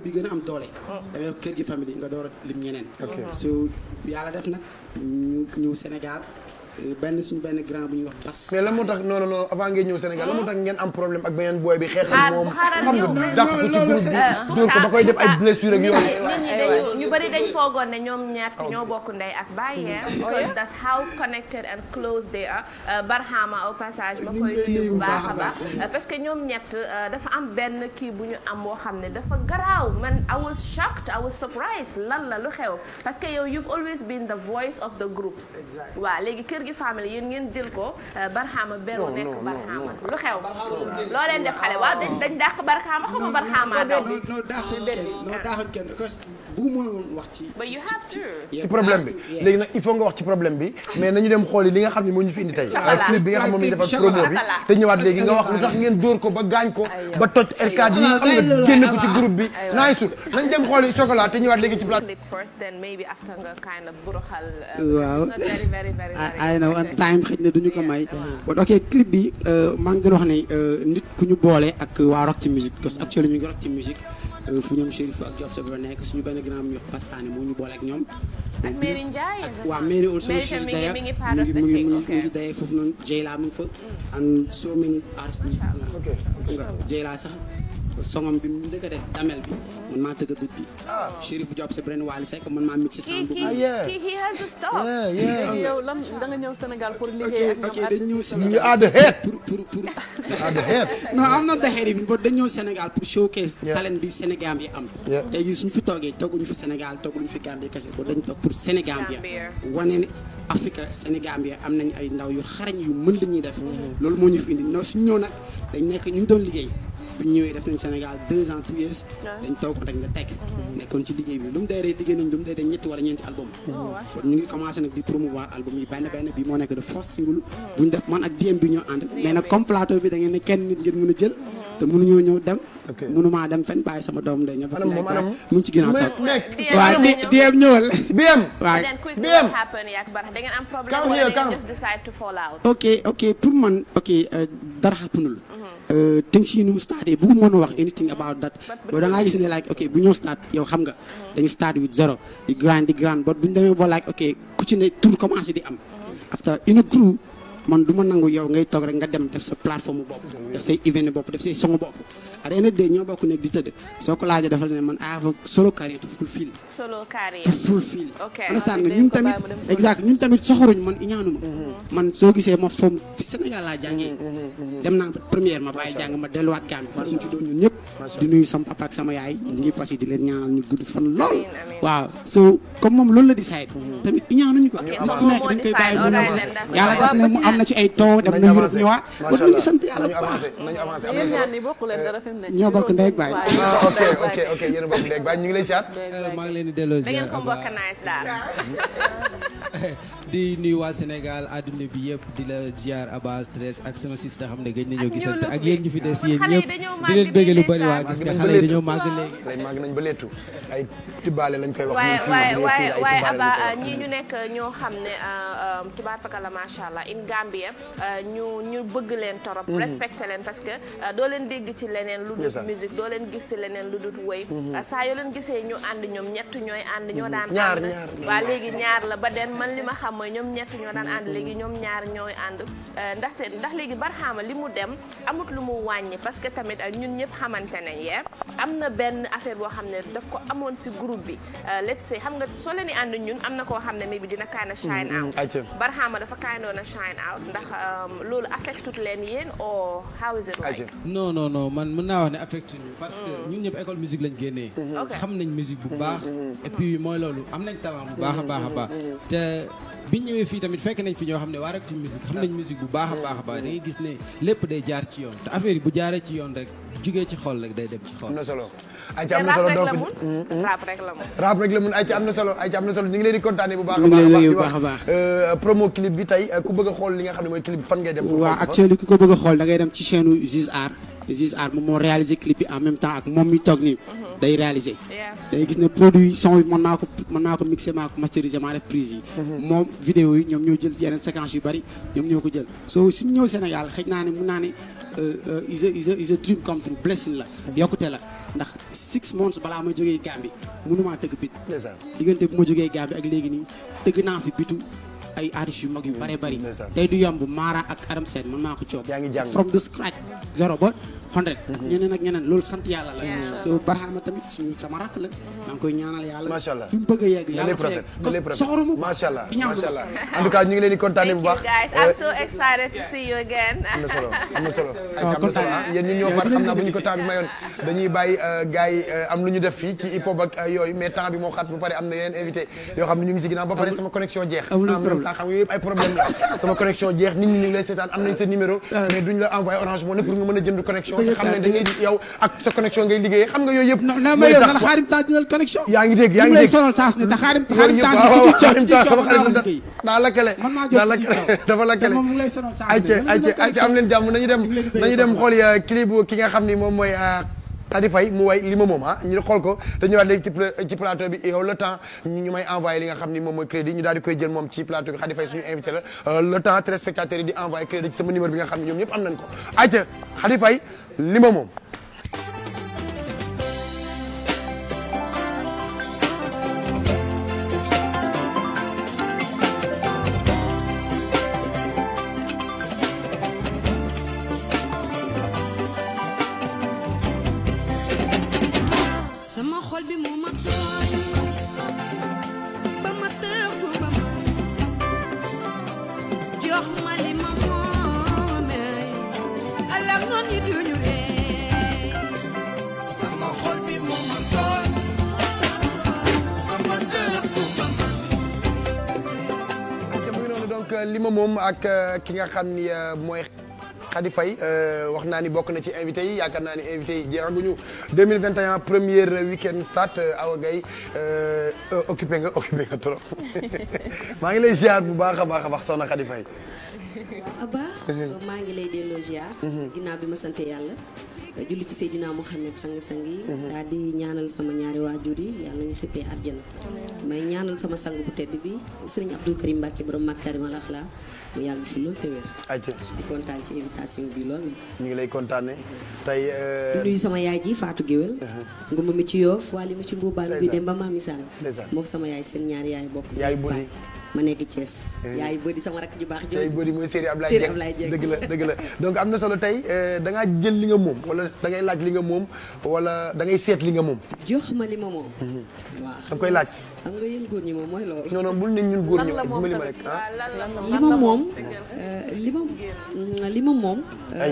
yi gën a am doole. da ngay kër gi famille nga door a lim ñeneen. so yàlla def nag. ñu ñëw Sénégal benn suñu benn grand bu ñuy wax Bas. mais lan moo tax non non avant ngeen ñëw ba koy def ay blessure ak yoon. ñu bari dañ foogoon ñoom ñaar ñoo bokk ndey ak baay. Oh, because that's how connected and close they are. Euh, Barhama au passage ma koy nuyu bu baax parce que ñoom ñett euh, dafa am benn kii bu ñu am woo xam ne dafa garaaw man I was shocked I was surprised lan la lu xew parce que yow you've always been the voice of the group. waaw léegi kër gi famille yéen ngeen jël ko euh, barxaama benn nekk barxaama lu xew loo leen def xale waaw dañ dañ dàq barxaama xama barxaama daw non daaxuñ kenn bëgguma woon wax ci. ci problème bi léegi nag il faut nga wax ci problème bi mais nañu dem xool li nga xam ne moo ñu fi indi tey. clip bi nga xam moom ñu defal promo bi te ñëwaat léegi nga wax lu tax ngeen dóor ko ba gaañ ko ba toj R4 yi nga xam nga génn ko ci groupe bi naay sut nañ dem xooli chocolat te ñëwaat léegi ci place. Uh, waaw ay na one time xëy na duñu ko may. bon ok clip bi uh, maa ngi doon wax ne uh, nit ku ñu boole ak waa rock ci musique parce que actuellement ñu ngi rock ci musique fu euh, ñoom Chérif ak Diop Sobe nekk suñu benn grand mu wax Passané moo ñu boole ak ñoom. ak Mary Ndiaye waaw Mary also she's there mi ngi mu ngi mu ngi dayee foofu noonu Jeyla mu ngi fa mm. and so many artists mu ngi fa nga Jeyla sax songom bi mu njëkk a def damel bi man maa tëgg a dut bi Chérif Diop sa beneen Wally Seck man maa mixé sound bi he has to yow lan da nga ñëw Sénégal pour liggéey ak am na the head bi ñëw Sénégal pour showcase talent bi Sénégal bi am tey jii suñu fi toogee tooguñu fi Sénégal tooguñu fi Gambie kese ba dañ toog pour Sénégal bi wane ne Afrique Sénégal bi am nañ ay ndaw yu xarañ yu mën la ñuy def mm-hmm. loolu moo ñu fi indi ndaw suñ ñëw nag dañ nekk ñu ngi doon liggéey bu ñëwee def nañ Sénégal deux ans trois years dañ toog rek nga mhm. ci liggéey bi lu mu dee ree liggéey nañ lu mu dee dañ ñetti wala ñeenti album mhm. kon ñu ngi commencé di promouvoir album yi benn bi moo nekk de first single mhm. bu ñu def man ak DM bi ñoo ànd mais nag comme plateau bi da ne kenn nit ngeen mën a jël te mënuñoo ñëw dem mënumaa dem fenn bàyyi sama doom day ñëw fa nekk waaye mu ngi ci ginnaaw toog waaw di di yem ñëwal bi yem waaw bi yem come here come ok ok pour man ok euh, dara xapunul Euh, things yi ñu start yi bëgguma wax anything about that boo da ngaa gis ne like ok bu ñëw start yow xam nga mm-hmm. dañu start with zero di grand di grand but bu ñu demee ba like ok ku ci ne tour commencé di am mm-hmm. after une crew man du nangu yow ngay toog rek nga dem def sa plateforme bopp def say event bopp def say song bopp aɗa ene de ñoɓa ko negditade soko laaje defal ne man afa ah, solo carré to fulfil solo carré to fulfil understand ñun tamit exact man iñaanuma mhm. man soo gisee ma foom fi Sénégal laa jàngee mhm, mhm, dem naa première ma bàyyi jàng ma delluwaat Gambie kon suñu tuddoo ñun ñëpp di nuyu sama papa ak sama yaay ngi passé di leen ñaanal ñu gudd fan lool waaw so comme moom loolu la di sayt tamit iñaanuñu ko nit ku nekk dañ koy bàyyi mu ñëwaat na mu am na ci ay taw dem na Europe ñëwaat kon ñu ngi sant yàlla baax ñoo bokk ndey ak baay. ñu ngi lay siyaat. maa ngi leen di delloo siyaat da di nuyu waa Sénégal àdduna bi yëpp di la ziar Abbas Dress ak sama sista xam ne gëj nañoo gisante ak yéen ñu fi des yéen ñëpp euh, ñu nekk euh, ñoo xam ne euh, tubaab fakala macha allah in Gambia ñu bëgg leen torop. Mm-hmm. respecté leen parce que doo leen dégg ci leneen lu dul musique doo leen gis ci leneen lu dul woy mm-hmm. saa yoo leen gisee ñu ànd ñoom ñett ñooy ànd ñoo mm-hmm. daan ànd waa léegi ñaar la ba den man li ma xam mooy ñoom ñett ñoo daan ànd léegi ñoom ñaar ñooy ànd euh, ndaxte ndax léegi barxaama li mu dem amut lu mu wàññi parce que tamit euh, ñun ñëpp xamante nañ yee am na benn affaire boo xam ne daf ko amoon si groupe bi euh, let's xam nga soo leen di ànd ñun am na koo xam ne maybe dina kaana shine mm-hmm. out barxaama dafa kaandoon a shine out ndax loolu affectut leen yéen or how is it like non man mën naa wax ne affectut parce que mm. ñun ñëpp école lañ génnee mm-hmm. xam nañ musique bu mm-hmm. baax et mooy loolu am nañ talent bu baax a baax bi ñëwee fii tamit fekk nañ fi ñoo xam ne waa Rakk Team xam nañ musique bu baax a baax a baax da ngay gis ne lépp day jaar ci yoon te affaire yi bu jaaree ci yoon rek jugee ci xol rek day dem ci xol. am na solo ay ci mm, mm. na solo donc na solo ay ci am na solo ñu bu baax a baax euh, promo clip bi tey euh, ku bëgg xool li nga xam ne mooy clip bi fan ngay dem. waaw actuellement ku ko a ci chaîne Ziz Art Aziz Aar moom moo réalisé clip bi en même temps ak moom mi toog nii mhm. day réalisé day gis ne produit son bi mën naa ko mën naa ko mixé maa ko masterisé maa def prise yi mhm. moom vidéo yi ñoom ñoo jël yeneen séquence yu bari ñoom ñoo ko jël soo suñu ñëw Sénégal xëy naa ne mun naa ne is euh, euh, a is a is a dream come true blessing la mhm. yokkute la ndax six months balaa ma jógee Gambie mënumaa tëgg bit diggante bu ma jógee Gambie ak léegi nii tëgg naa fi bitu ay artistes yu mag yu bare bari mm-hmm. tey du yomb Mara ak Adam man maa ko from the scratch zero ba hundred ak mm-hmm. ñeneen ak ñeneen loolu sant yàlla la so Barhama tamit suñu sama rakk la maa ngi koy ñaanal yàlla yàlla fa yegg soxoru mu macha allah macha allah en tout cas ngi leen di kontaane bu baax I'm so na eh, solo am na solo am na solo ah. yéen ñun ko temps bi mayoon dañuy bàyyi euh, gars yi euh, euh, yooyu mais temps bi moo xat ba pare am na yeneen invité yoo xam ne ñu ngi si ginnaaw ba pare sama connexion jeex temps xam nga yëpp ay problème la sama connexion jeex nit ñi ñu ngi lay seetaan am nañ sa numéro ah. mais duñ la envoyé orange moo ne pour nga mën a jënd connexion te xam ne da ngay yow ak sa connexion ngay liggéeyee xam nga yooyu yëpp na ma yow na la xaarim temps dina la connexion yaa ngi dégg yaa ngi dégg sonal saas ne te xaarim xaarim temps ci ci sama xarit daa lakkale daa lakkale dafa lakkale ay ci ay ci ay ci am leen jàmm nañu dem nañu dem xool euh, clip ki nga xam ni moom mooy euh, Tati Faye mu way li ma moom ah ñu xool ko te ñëwaat léegi ci plateau bi yow le temps ñu may envoyé li nga xam ni moom mooy crédit ñu daal di koy jël moom ci plateau bi Khady Faye suñu invité la euh, le temps téléspectateurs di envoyé crédit ci sama numéro bi nga xam ne ñoom ñëpp am nañ ko ayca Khady Faye li ma moom moom ak euh, ki nga xam ni euh, mooy Khady Faye euh, wax naa ni bokk na ci invité yaakaar naa ni invité yi jeexaguñu 2021 premier week-end start Awa Gaye occupé nga nga trop maa ngi lay ziar bu baax a baax a baax soxna Khady maa ngi lay delloo ziar. Mhm. ginnaaw bi ma sant yàlla. julli ci Seydina Mouhamed sang-sang yi mhm. daal di ñaanal sama ñaari waajur yi yàlla nañu xippee àjjana may ñaanal sama sang bu tedd bi Serigne Abdou Karim Mbacke ma Makarimal Akhlaq mu yàgg fi loolu te wér. ayca di kontaan ci invitation bi lool. ñu ngi lay kontaanee tey. di euh, nuyu sama yaay ji Fatou Guewel. Uh-huh. ngumba mi ci waa li mu ci Mbuubaan bi dem ba Mami Sall. mook sama yaay seen ñaar yaay bokk. yaay bu ma nekk Thiès. Eh, yaay bëri sama rek ju baax jooju yaay bëri mooy Serigne Ablaye Dieng Ablaye la dëgg la donc am na solo tey eh, da ngaa jël li nga moom wala da ngay laaj li nga moom wala da ngay seet li nga moom jox ma li ma moom mhm. koy laaj am nga yéen moom mooy loolu non non bul ne ñun góor ñi ma ah. li ma rek eh, li ma moom li ma li ma moom ay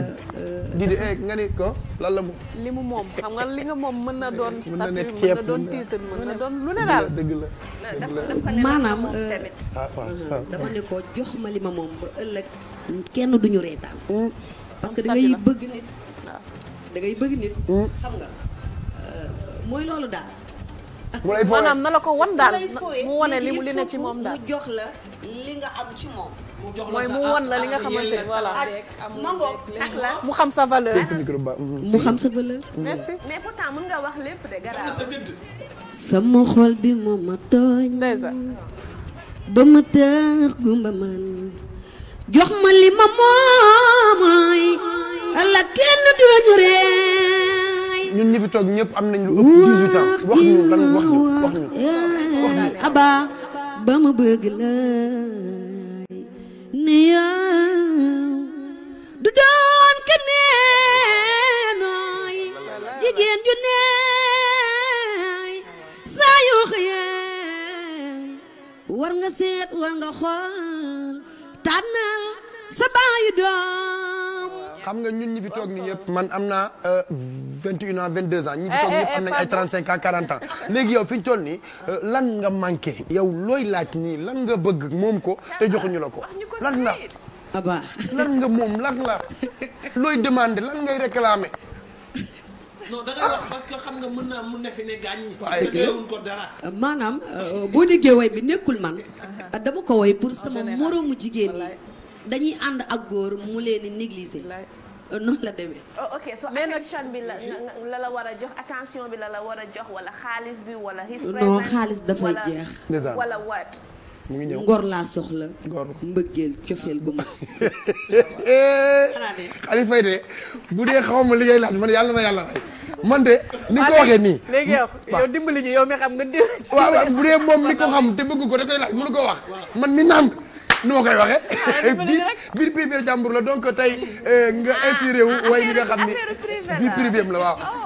di nga ne ko lan la moom li mu moom xam nga li nga moom mën na doon statut mën na doon titre mën na doon lu ne daal dëgg la maanaam ma jox ma li ma moom ba ëllëg kenn duñu reetaan mm. parce que da bëgg nit ah. bëgg nit mm. xam nga euh, mooy loolu daal maanaam na la ko wan daal mu wane li li ne ci moom daal mu jox la li nga am ci moom mu jox la li nga xamante ne voilà mu xam sa valeur mm. mu xam sa valeur merci mais pourtant mën nga wax lépp de garaaw sama xol bi moom ma tooñ ba ma tëx gumba jox ma li ma moomay ala kenn duñu reey ñun ñi fi toog ñëpp am nañ lu ëpp 18 ans wax ñu lan wax ñu aba ba ma bëgg du doon ka neenooy jigéen ju neey saa yoo war nga seet war nga xool tànnal sa baayu doom. xam nga ñun ñi fi toog nii yëpp man am naa euh, vingt et un ans vingt deux ans. ñi fi eh, toog ñëpp eh, am eh, nañ ay trente cinq ans quarante ans. léegi yow fi ñu toll nii euh, lan nga manqué yow looy laaj nii lan nga bëgg moom ko te joxuñu la ko lan la. abaa lan nga moom lan nga looy demandé lan ngay réclamer. non da ngay wax parce que xam nga mën naa mun na fi ne gaañ. waaye euh, maanaam euh, boo déggee woy bi nekkul man. Uh-huh. dama ko woy pour sama moroomu jigéen ñi. dañuy ànd ak góor mu leen di négliger. Euh, noonu la demee. oh la la la war a jox attention bi la la war a jox wala xaalis bi wala. non xaalis dafay jeex. wala waat. mu ngi ñëw gor laa soxla. gor mbëggeel cofeel bu mag. Aliou Faye de bu dee xaw ma li ngay laaj man yàlla na yàlla rey. man de ni ko waxee nii. léegi yow dimbali ñu yow mi xam nga. waaw waaw bu dee moom mi ko xam te bëgg ko da koy laaj mënu ko wax. man mi naan nu ma koy waxee. Ah, biir biir jàmbur la donc tey euh, nga inspiré wu. way ni nga xam ni vie privée la waaw.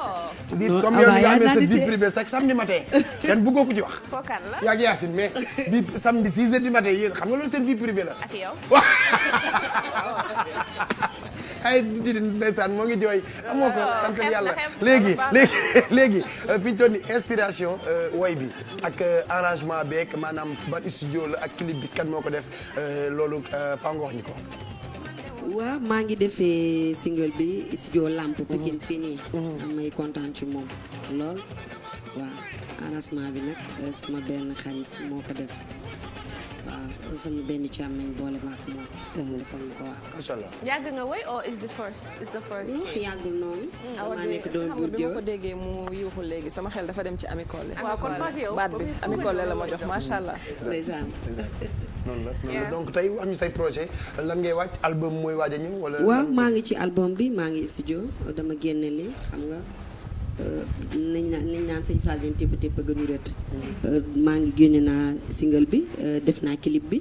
nit comme yow nga amee sa vie privée sax samedi matin kenn bëggoo ko ci wax. kookaan la yaa ngi Yacine mais di samedi 6 heures du matin yéen xam nga loolu seen vie privée la. ak yow. ay di di ndeysaan moo ngi jooy amoo ko oh, sant yàlla léegi léegi léegi euh, fi ñu toll ni inspiration euh, woy bi ak euh, arrangement beeg maanaam ban studio la ak clip bi kan moo ko def loolu fa nga ñu ko waaw maa ngi defee single bi studio Lamp Pikine fii nii. Mm-hmm. Mm-hmm. amay kontaan ci moom lool waaw arrangement bi nag euh, sama benn xarit moo ko def waaw sama benn càmmiñ boole maak moom. Mm-hmm. defal ma ko waaw. macha allah yàgg noonu. Mm. maa nekk doon buur bi ma ko déggee mu yuuxul léegi sama xel dafa dem ci Ami Collé. kon baat yow baat bi Ami la ma jox macha allah. noonu la noonu la donc tey wax ñu say projet lan ngay wàcc album mooy waaj a ñëw wala. waaw maa ngi ci album bi maa ngi studio dama génne li xam nga. nañ euh, naan nañ naan sëñ Fall leen tépp tépp gënu euh, maa ngi génne naa single bi euh, def naa clip bi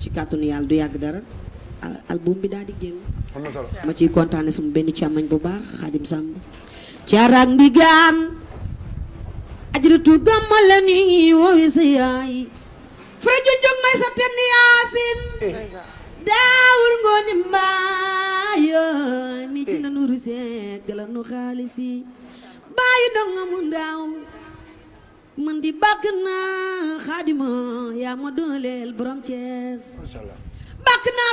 ci kàttanu yàlla du yàgg dara album bi daal di génn ma ciy kontaane sama benn càmmañ bu baax Xaadim Samb caaraag mbigaan ajratu gàmmal la ni woowe sa yaay fara junjung may sa ten yaasin eh. daawur ngooni maayoon mi ci na nuru seeg nu xaalisi baayu dong mu ndaaw man di bàkk naa xaadima yaa ma dooleel borom Cees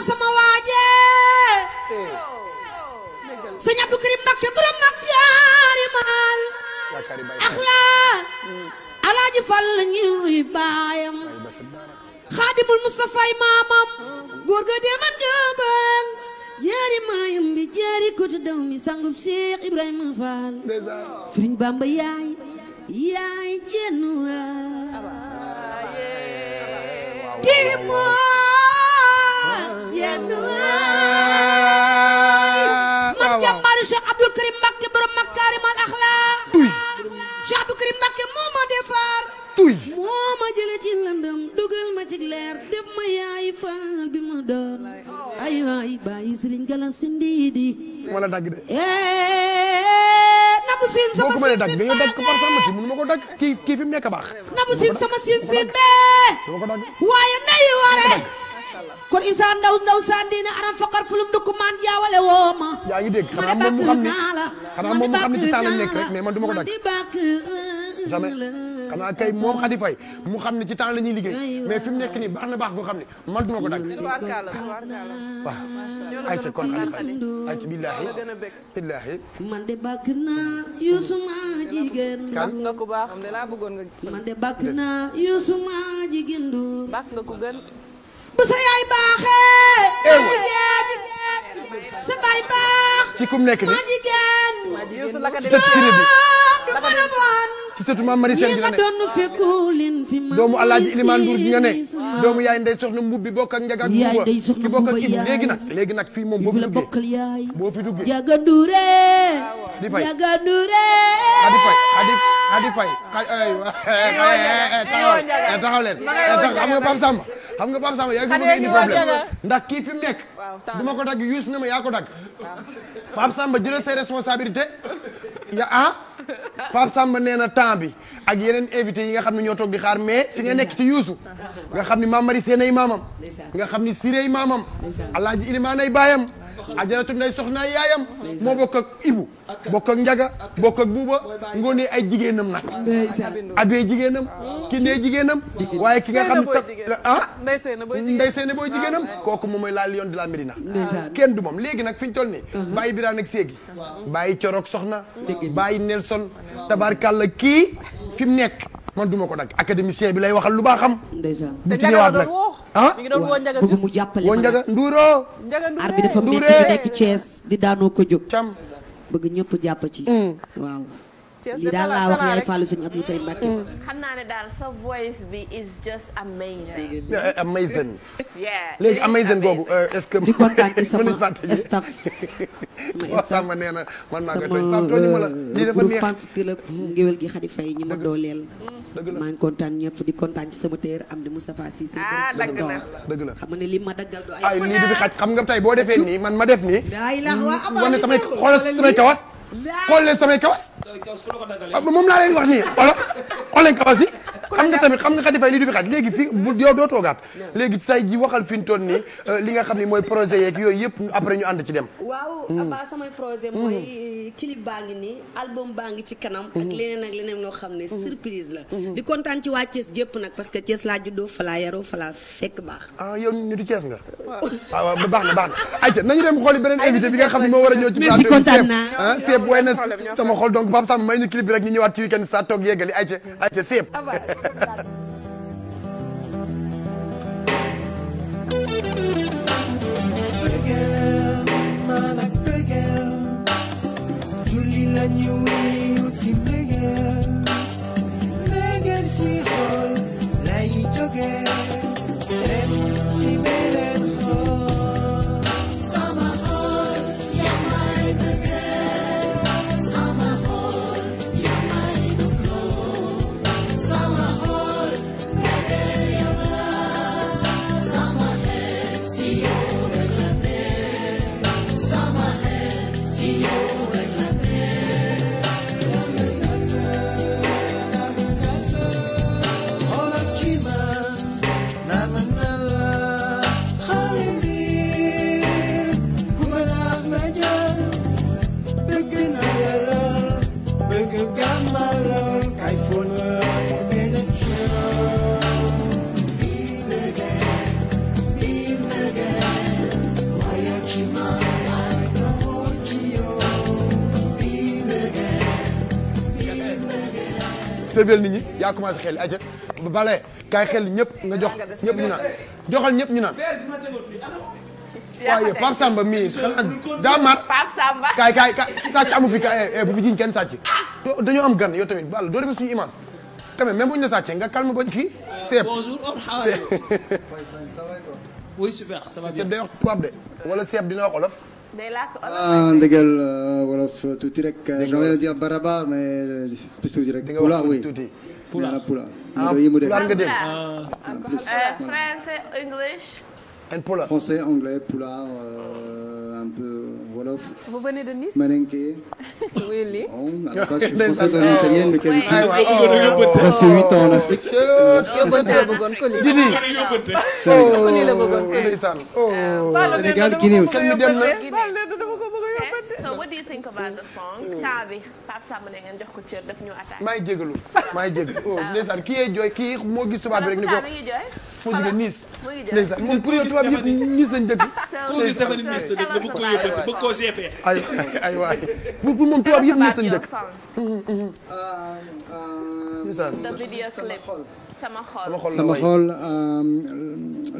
sama waaje eh. sëñ Abdou Karim Mbacke borom mag yaari maal axlaa alaaji Fall ñuy baayam xaadimul Mustafay maamam góor ga deman ga bang jeeri maayam bi jeeri kotu daw mi sangub Bamba yaay yaay jenn ah, man jàmbaari Cheikh Abdul Karim Mbakke borom Makaarimal Axlaaq tuy moo ma jële ci lëndëm dugal ma ci leer def ma yaay faal bi ma doon ay waay bàyyi sëriñ gala sindi di wala dagg de eh, nabu siin sama sin sin bee mënu ma ko dagg kii kii fi mu nekk baax nabu siin sama sin sin bee waaye nayi ware kon Issa Ndaw Ndaw Sandine aram faqar pulum du kumaan jaawale woo ma. yaa ngi dégg xanaa moom mu xam ne xanaa moom mu ne rek mais man du ma ko dagg xanaa kay moom Khady Faye mu xam ne ci temps la ñuy liggéey mais mu nekk ni baax na baax goo xam ne man duma ko dagg tubaarkàlla tubaarkàlla waaw ay ca kon Khady Faye ay ca billaahi billaahi man de bàkk naa baax de laa bëggoon nga man de bàkk naa yusuma jigéen du bàkk nga ku sa bay eh baax ci kum nekk nii maa jigéen maa jigéen ci sëtu maam mari seen bi la ne doomu alaaji ilimaan nduur bi nga ne doomu yaay ndey soxna mbubbi bokk ak njaga ak buuba ki bokk ak ibu léegi nag léegi nag fii moom boo fi duggee boo fi duggee jaga nduure di jaga nduure adi fay adi eh, eh, nga Pape Samba xam nga Pape Samba yaa fi bëgg ndax kii fi du ma ko dagg yuus na ma yaa ko dagg Pape Samba jëlal ses responsabilités ya ah Pape Samba nee na temps bi ak yeneen invité yi nga xam ne ñoo toog di xaar mais fi nga nekk ci Youssou nga xam ni Mamari Seen ay maamam nga xam ni Siré ay maamam Alaaji Ilimaan bayam ajaratu nday soxna yaayam moo bokk ak Ibu bokk ak Njaga bokk ak Buuba ngoone ay jigéenam nag abee jigéenam ki nee jigéenam waaye ki nga xam ah nday seene booy jigéenam ah, ah. kooku moom mooy laa lion de la Médina kenn du moom léegi nag fi ñu toll nii uh-huh. bàyyi biraan ak séegi bàyyi corok soxna bàyyi Nelson tabarkàlla kii fi mu nekk man duma ko nag académicien bi lay waxal lu baax xam. ndeysaan bu ci ñëwaat nag ah? mu jàppale. woo Ndiaga Ndouro. ar bi dafa métti di nekk di daanoo ko jóg. cam bëgg ñëpp jàpp ci. Mm. waaw. li daal laa wax yaay Fallou sëñ Abdou Karim Mbacké. Mm. Mm. xam naa ne daal sa voice bi is just amazing. amazing. léegi amazing boobu euh, est-ce que. di kontaan ci sama staff. sama staff sama euh, groupe fans club ngéwél gi Khady Faye ñi ma dooleel. maa ngi kontaan ñëpp di kontaan ci sama téer am di Moustapha Cissé. ah dëgg la dëgg la xam ne li ma daggal du ay. ay lii du xaj xam nga tey boo defee nii man ma def nii. daa yi samay kawas. xool leen samay kawas. Ah, moom laa leen wax nii xoolal xool leen kawas yi. xam nga tamit xam nga Khady Faye lii du fi xaj léegi fii bu doo toogaat léegi tay ji waxal fi ñu toll nii euh, li nga xam ne mooy projet yeeg yooyu yëpp après ñu ànd ci dem. waaw hmm. projet hmm. mooy euh, clip baa ngi nii album baa ngi ci kanam. ak hmm. leneen ak leneen loo xam ne surprise la. di kontaan ci waa Thiès gépp nag parce que Thiès laa juddoo fa laa yaroo fa laa fekk baax. ah yow ñu du Thiès nga. Ah, baax na baax na ayca nañu dem xooli beneen invité bi nga xam ne moo war ñëw ci. merci kontaan Seb wey na sama xol donc Pape Samb may ñu clip bi rek ñu ñëwaat ci weekend sa toog yeggali ayca ayca Seb. si xool lay jóge dem si beneen lëfeel nit ñi yaa commencé xel aja bale kaay xel ñëpp nga jox ñëpp ñu naan joxal ñëpp ñu naan waaye Pape Samba mii xel daa mar Pape Samba kaay kaay kaay sàcc amu fi kaay eh, bu fi jiñ kenn sàcc dañoo am gan yow tamit bal doo defee suñu image quand même bu ñu la sàccee nga calme ba kii c'est bonjour c'est oui super ça va bien c'est day wax tubaab de wala seeb dina wax olof ah ndegel wolof tuuti rek. dëgg dire baraba mais plus tuuti rek. pulaar oui pulaar pulaar. ah pulaar nga dégg français anglais. français anglais pulaar. un peu wolof. vous venez de Nice. Merenke. oui lii. bon en tout cas je suis fonctionnaire italienne mais tamit. Oh, oh, oh. presque huit ans en Afrique. yóbbante la bëggoon Koli. di di Koli la bëggoon Koli. Sénégal Guinée aussi. Eh, so what do you think about the song. temps bi Pape Samba ne ngeen jox ko cër daf ñu attaqué. maa ngi jégalu maa ngi jégalu. Ah. ndeysaan kii yee jooy kii moo gis tubaab bi rek ni ko. foo jógee Nice. ndeysaan moom pour yow tubaab yëpp Nice lañ dëkk. koo gis dafa ni Nice la dëkk dafa ko yóbbu ba koo seepee. ay ay waay pour pour moom tubaab yëpp Nice lañ dëkk. sama xol sama xol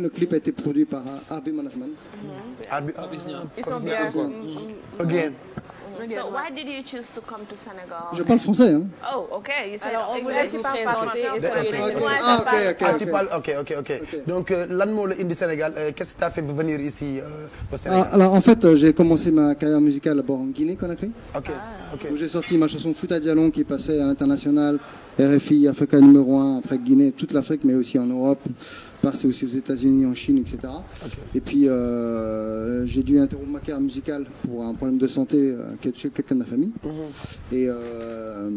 le clip a été produit par euh, Arbi Management. Mhm. Arbi ils sont bien mhm. again. So why did Je parle français oh, Donc lan moo la indi Sénégal, euh, qu'est-ce qui t'a fait venir ici euh, au Sénégal? Ah, alors en fait, euh, j'ai commencé ma carrière musicale d'abord Guinée-Conakry. OK. Ah. j'ai sorti ma chanson Fouta Dialon qui passait à l'international, RFI Africa numéro 1, après Guinée, toute l'Afrique mais aussi en Europe. c'est aussi aux États-Unis, en Chine, etc. Et puis, euh, j'ai dû interrompre ma carrière pour un problème de santé euh, qui a touché de ma famille. Mhm. Et euh,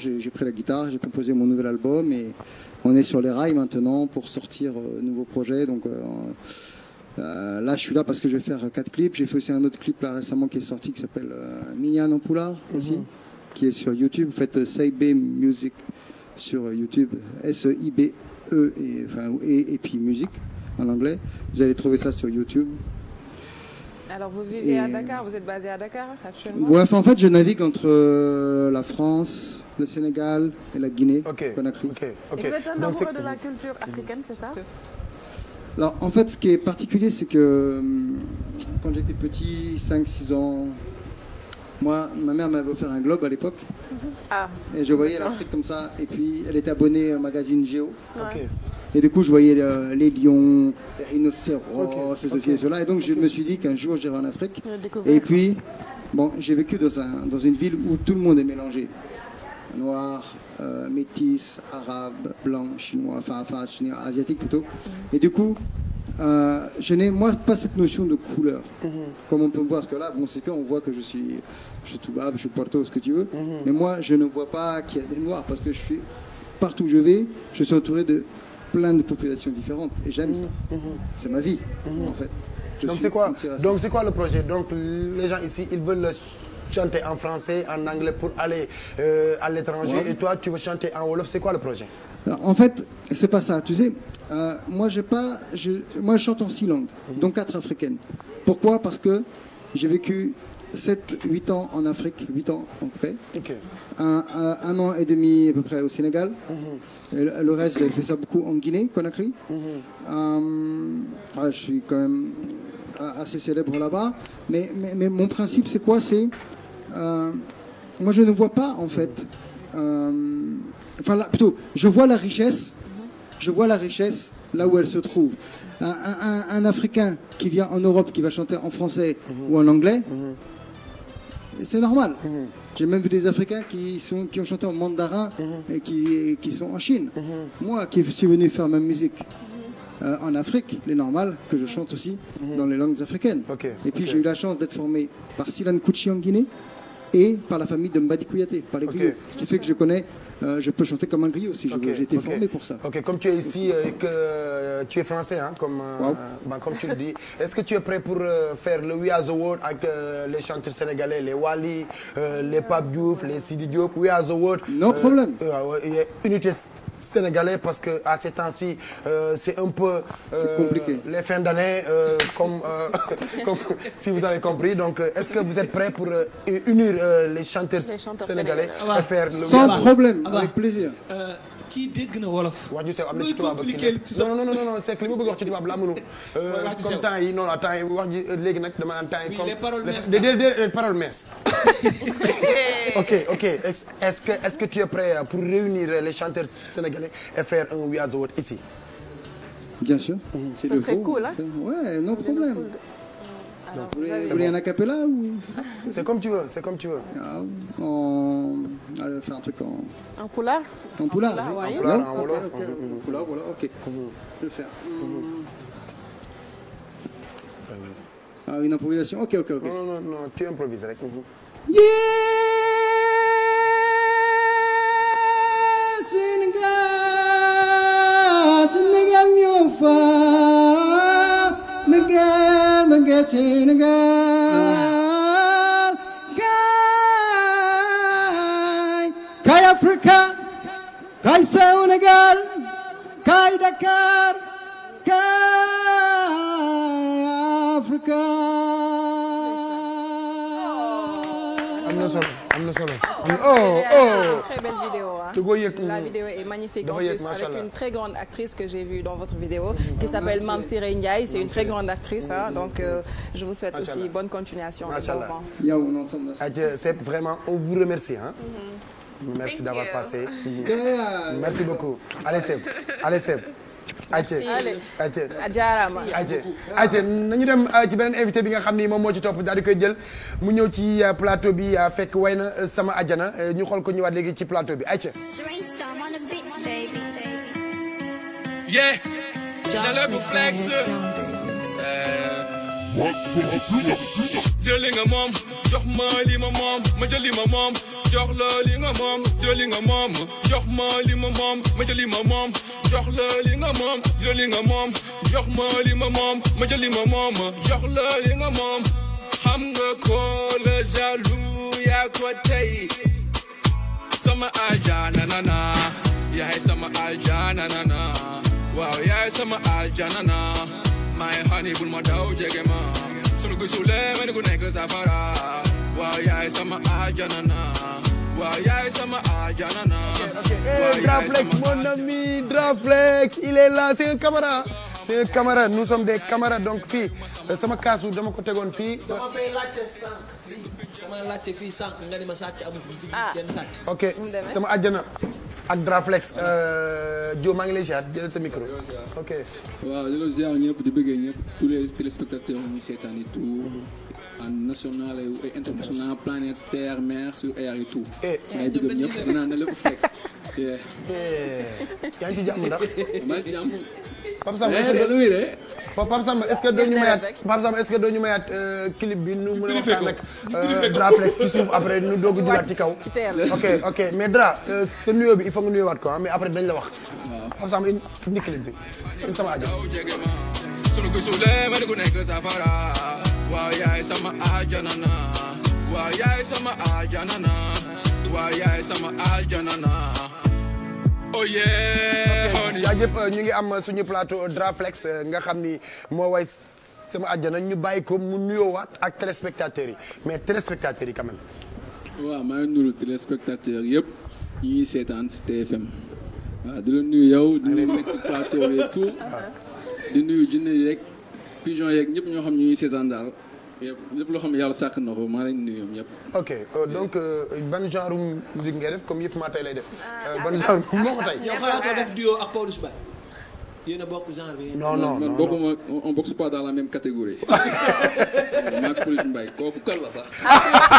j'ai pris la guitare, j'ai composé mon nouvel album et on est sur les rails pour sortir un euh, nouveau Donc, là, je suis là parce que je vais faire quatre clips. J'ai fait aussi un autre clip qui s'appelle Mignan en mhm. qui est sur YouTube. Vous E et, enfin, e musique en anglais. Vous allez trouver ça sur YouTube. vous vivez à Dakar, vous êtes basé à Dakar en fait je navigue entre euh, la France, le Sénégal et la Guinée, okay. Conakry. Et vous êtes un amoureux de la culture africaine, c'est ça Alors en fait ce qui est particulier c'est que quand j'étais petit, 5-6 ans, Moi, ma mère m'avait offert un globe à l'époque. Ah. Et je voyais l'Afrique comme ça. Et puis, elle était abonnée au magazine Géo. Okay. Et du coup, je voyais le, euh, les lions, les rhinocéros, okay. ces ceci et cela. Et donc, je me suis dit qu'un jour, j'irai en Afrique. Et puis, bon, j'ai vécu dans, un, dans une ville où tout le monde est mélangé. Noir, euh, métis, arabe, blanc, chinois, enfin, enfin asiatique plutôt. Mm. Et du coup, Euh, je n'ai moi pas cette notion de couleur. Mm -hmm. Comme on peut voir, parce que là, bon, c'est quand on voit que je suis, je suis Toubab, je suis Porto, ce que tu veux. Mm -hmm. Mais moi, je ne vois pas qu'il y a des noirs parce que je suis partout où je vais, je suis entouré de plein de populations différentes et j'aime mm -hmm. ça. Mhm. Mhm. C'est ma vie, mhm. en fait. Je donc c'est quoi Donc c'est quoi le projet Donc les gens ici, ils veulent le chanter en français, en anglais pour aller euh, à l'étranger. Ouais. Et toi, tu veux chanter en wolof. C'est quoi le projet En fait, c'est pas ça. Tu sais, euh, moi, j'ai pas, je, moi, je chante en six langues, mhm. dont quatre africaines. Pourquoi Parce que j'ai vécu 7, 8 ans en Afrique, 8 ans à peu près. Okay. Un, un, un, an et demi à peu près au Sénégal. Mm -hmm. et le, le, reste, j'ai fait ça beaucoup en Guinée, Conakry. Mm -hmm. euh, ah, je suis quand même assez célèbre là-bas. Mais, mais, mais, mon principe, c'est quoi C'est. Euh, moi, je ne vois pas, en fait. Euh, enfin là, plutôt, je vois la richesse, là où elle se trouve. Un, Africain qui vient en Europe, qui va chanter en français ou en anglais, c'est normal. J'ai même vu des Africains qui, ont chanté en mandarin et qui, sont en Chine. Moi qui suis venu faire ma musique euh, en Afrique, il est normal que je chante aussi dans les langues africaines. et puis j'ai eu la chance d'être formé par Silan Kouchi et par la famille de Mbadi par les okay. Ce qui fait que je Euh, je peux chanter comme un griot si je okay, formé pour ça. Ok, comme tu es ici que euh, tu es français, euh, comme, tu le dis, est-ce que tu es prêt pour euh, faire le We Are The World avec les chanteurs sénégalais, les Wally, les Sidi Diop, We Are The problème. sénégalais parce que à ces temps-ci euh, c'est un peu euh, compliqué les fins d'année euh, comme euh, comme si vous avez compris donc euh, est-ce que vous êtes prêts pour euh, unir les chanteurs, les chanteurs sénégalais, sénégalais. Ah bah, et faire le sans problème avec plaisir kii dégg na wolof. wax ju sew am na ci tubaab ak ci non non non non c'est que li ma bëgg wax ci tubaab la amuñu. Euh, comme temps yi non non temps yi wax ji euh, léegi nag dama naan temps yi. comme les paroles messes les paroles messes. ok ok est-ce que est-ce que tu es prêt pour réunir les chanteurs sénégalais et faire un We Are The World ici. bien sûr. Mmh. c'est le cool hein. ouais, no problème. donc vous voulez ou. c'est comme tu veux c'est comme tu veux. Ah, on allez faire un truc ok. je vais mmh. Mmh. Ah, une improvisation ok ok ok. non non non tu improvises rek. Sénégal Sénégal ñoo fa. 계시는 가 가이 가이 아프리카 가이 사우네갈 가이 다카르 oh oh très belle vidéo hein. La vidéo est magnifique en plus avec une très grande actrice que j'ai vue dans votre vidéo qui s'appelle Mame Siré Ndiaye, c'est une très grande actrice hein. Donc euh, je vous souhaite aussi bonne continuation c'est vraiment on vous remercie hein. Mm-hmm. Merci d'avoir passé. Merci beaucoup. Allez Seb, jaaraama ayca nañu dem euh, ci benn invité bi nga xam ni moom moo ci topp daal koy jël mu ñëw ci euh, plateau bi euh, fekk way na sama ajana ñu xool ko ñëwaat léegi ci plateau bi ayca yeah. jëli nga moom jox ma li ma moom ma jëli ma moom jox la li nga moom jëli nga moom jox ma li ma moom ma jëli ma moom jox la li nga moom jëli nga moom jox ma li ma moom ma jëli ma moom jox la li nga moom xam nga ko la jaloux yaa ko tey sama aljana nana yaay sama aljana nana waaw yaay sama aljana nana my honey bul ma daw jege ma sunu gu sulee mel ni ku yaay sama ajana na waaw yaay sama ajana na. Draflex mon ami Draflex il est là c'est un c'est camarade nous sommes des camarades donc fii euh, sama kaasu dama ko tegoon fii. dama fay fii dama sànq nga ni ma sàcc amul fi ah. kenn sàcc. ok sama àjjana ak Draflex Dio euh, maa ngi lay ziar jëlal sa micro. ok. les en national et international planète terre mer sur air et tout. Eh. maa ngi dugg ñëpp dinaa ne lépp fekk. Eh. yaa ngi ci jàmm ndax. maa ngi ci jàmm. Pape Samba est-ce eh, que doo ñu mayaat euh, clip bi nu mën a waxtaan ak euh, Draflex ci suuf après nu doog a julaat ci kaw. ok ok mais Dra euh, sa nuyoo bi il faut nga nuyoowaat quoi ah, mais après dañ la wax. waaw Pape Samba clip bi indi sama aajo. waaw yaay sama aljana na waaw yaay sama aljana na waaw ñu ngi am suñu plateau Draflex eh, nga xam ni moo way sama àjjana ñu bàyyi ko mu nuyoowaat ak téléspectateurs yi mais téléspectateurs yi quand même. waaw maa ngi nuyu yëpp ñu ngi seetaan si TFM waaw di la nuyu yow di nuyu plateau et tout ah. di nuyu jinne yeeg pigeon yeeg ñëpp ñoo xam ñu ngi seetaan daal lépp loo xam ne yàlla sàkk na ok euh, donc euh, ban genre musique def comme yëpp maa def. Ah, euh, ban genre moo ko tey. yow xalaatoo def duo ak Pawlish a bokk bi. non non kooku kan la sax.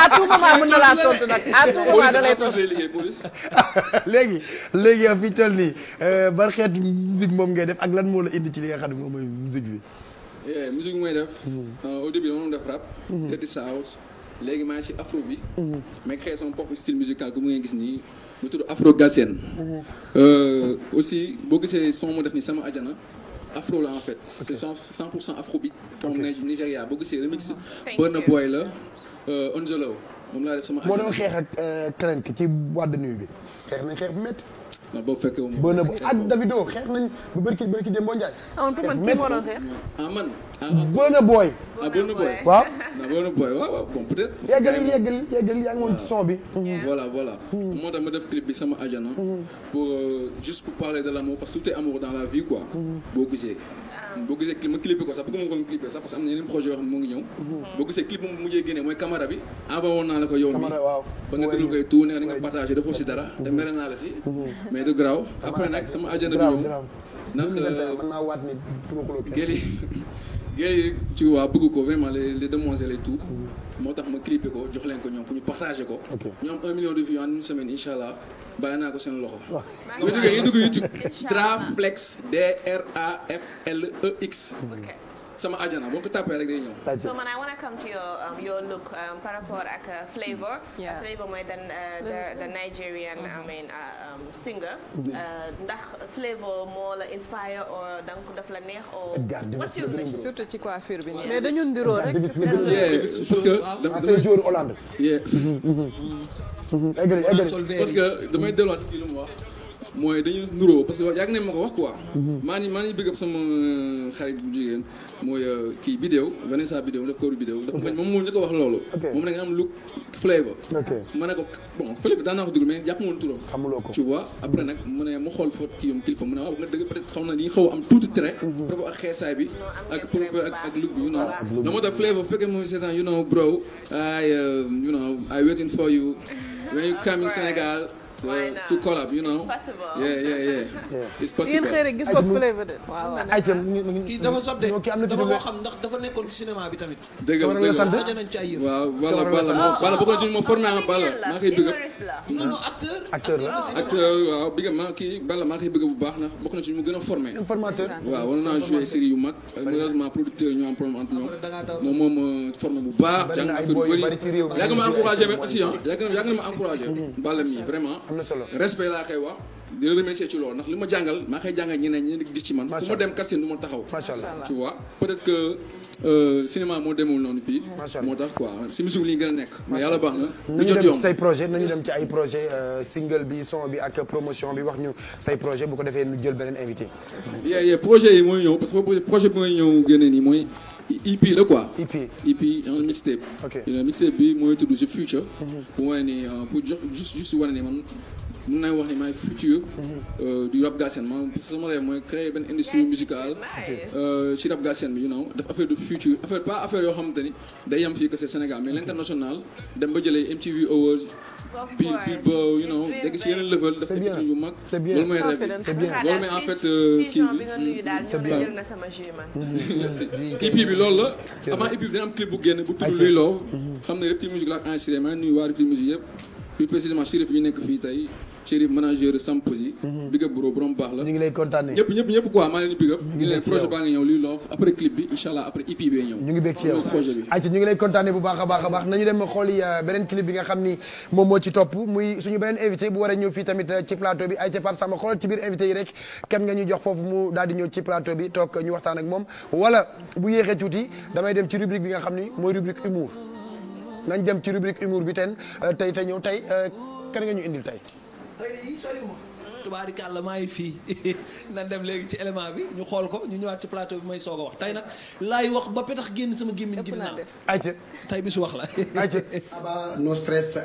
à tout moment mën na laa tontu nag à tout moment da lay tontu léegi léegi yow fi ñu nii ban xeetu musique moom ngay def ak lan moo la indi ci li a xam ne moom mooy bi. Eh, musique bu may def. Mm-hmm. Euh, au début dama def rap. Mm-hmm. dirty south léegi maa ngi ci afro bi. Mm-hmm. mais créé sama propre style musical bu ngeen gis nii mu tudd afro galsen. Euh, aussi boo gisee son mu def ni sama ajana afro la en fait. c' est cent pour cent afro bi. comme Nigéria boo gisee remix. Burna la Onzolo euh, moom laa def sama. ajana moo doon xeex ak Crank ci wàllu nuyu bi. xeex na xeex bu métti. ndax ah, boo fekkee moom boo fekkee ak Davido xeex nañ bu barki barki dem boo Ndiaye. ah man man kii moo doon xeex. ah man ah, ah. Burna Boy. ah Burna Boy waaw. ah Burna Boy waaw waaw bon peut-être. yeggali yeggali hmm. moo tax ma def clip bi sama ajana. Hmm. pour euh, juste pour parler de l'amour parce que tout est amour dans la vie quoi. Hmm. boo gisee. boo gisee clip ma clipé ko sax bëgguma ko clipé sax parce que am na yeneen projet yoo xam ne mu ngi ñëw mhm. boo gisee clip mu mujjee génnee mooy caméra bi envoyé woon naa la ko yow mi ba nga déglu koy tout ne nga partagé defoo si dara te mhm. mere naa la si mhm. mais du garaaw après nag sama agenda bi ndax géli géli ci waa bëgg ko vraiment les les demoiselles et tout moo tax ma clipé ko jox leen ko ñoom pour ñu partagé ko ñu am un million de vues en une semaine incha bàyyi naa ko seen loxo. waaw ñu duggee ñu dugg YouTube. Draflex D A e sama ajana boo ko tapé rek day ñëw. man I want to to your um, look um, par rapport ak uh, Flavour. Yeah. Flavour mooy dan uh, the, the Nigerian mm -hmm. I uh-huh. mean uh, um, singer. Uh, ndax Flavour moo la inspire or donc daf la neex or. surtout ci coiffure bi mais dañu ndiroo rek. parce que. Ah, Hollande. Mm-hmm, mm-hmm. Mm-hmm. parce que damay delluwaat ci lu mu wax mooy dañu nuróo parce que yàgg nañ ma ko wax quoi. Mhm. maa ni maa ni bëgg sama euh, xarit bu jigéen mooy euh, kii Bidéo Vanessa Bidéo def kóoru Bidéo. dafa moom moo njëkk wax loolu. moom da nga am look flavor. ok ma ko bon flavor daan mais jàpp moon turam. xamuloo ko après nag mu ne mu xool foot kii yom kilifa mu ne waaw nga dëgg peut être xam na li xaw am tuuti trait. dafa mhm. ak xeesaay bi ak ak ak look bi you moo tax flavor bu mooy saison When you come in Senegal to, to collab you know. It's possible. yeah yeah yeah. yeah. it's possible. xëy rek gis ko flavor de. waaw waaw ah. kii dafa sob de. dama moo xam ndax dafa nekkoon ci bi tamit. dëgg la dëgg la rajo nañu ci ay yëf. moo Balla bokkoon ci ma formé ah Balla kii Balla maa koy bu baax na bokk na ci mu gën a formé. informateur waaw war naa joué série yu mag. malheureusement producteur yi ñoo am problème entre ñoom. moom moom euh, formé bu baax. jàng affaire yu bëri yàgg ma encouragé mais aussi ah yàgg na ma mm-hmm. mi vraiment am na solo respect laa koy wax di la ci loolu ndax li ma jàngal maa koy jàngal ñeneen ñi di ci man fu ma dem Kassine du ma taxaw macha allah peut-être que euh, cinéma moo demul noonu fii moo tax quoi si musique li ñu a nekk mais yàlla baax na nañu dem nañu dem ci ay projet euh, single bi son bi ak promotion bi wax ñu say projet bu ko defee ñu jël beneen invité yee yee projet yi mooy ñëw parce que projet bi mooy ñëw génne nii mooy EP la quoi. EP EP un mixtape. ok mixtape bi mooy tudd si future. pour wane ni euh, pour jox juste juste wane ni man mën naa wax ni maay future. Euh, du rap galsen man sama rêve mooy créer benn industrie musicale. Euh, ci rap galsen bi you affaire de future affaire pas affaire yoo xamante day yam fii que c'est Sénégal mais l'international dem ba jëlee MTV Awards. puis puis you know dégg ci yeneen level def émission yu mag. c'est bien loolu mooy loolu mooy en fait euh, kii la avant EP bi dina am clip bu génn bu tudd luy mhm. la ak enregistrement nuyu waa Reptile Musique yëpp plus précisément si Reptile ñu nekk fii tey. chérif manager Samposi. Mhm. big up bro borom baax la. ñu ngi lay kontaanee ñëpp ñëpp ñëpp quoi maa ngi leen di big up. ñu ngi leen projet baa ngi ñëw lii loof e lay kontaanee bu baax a baax a baax nañu dem xooli euh, beneen clip bi nga xam ni moom moo ci topp muy suñu beneen invité bu war a ñëw fii tamit euh, ci plateau bi ayca Pape Samba xoolal ci biir invité yi rek kenn nga ñu jox foofu mu daal di ñëw ci plateau bi toog ñu waxtaan ak moom wala bu yéexee tuuti damay dem ci rubrique bi nga xam ni mooy rubrique humour nañ dem ci rubrique humour bi ten euh, tey tey ñëw tey kan nga ñu indil tey règle yi soriwuma. fii nan dem léegi ci élément bi ñu xool ko ñu ñëwaat ci plateau bi may soog a wax tey nag laay wax ba petax génn sama gémmiñ gi dinaa ayca tey bi su wax la ayca Aba No Stress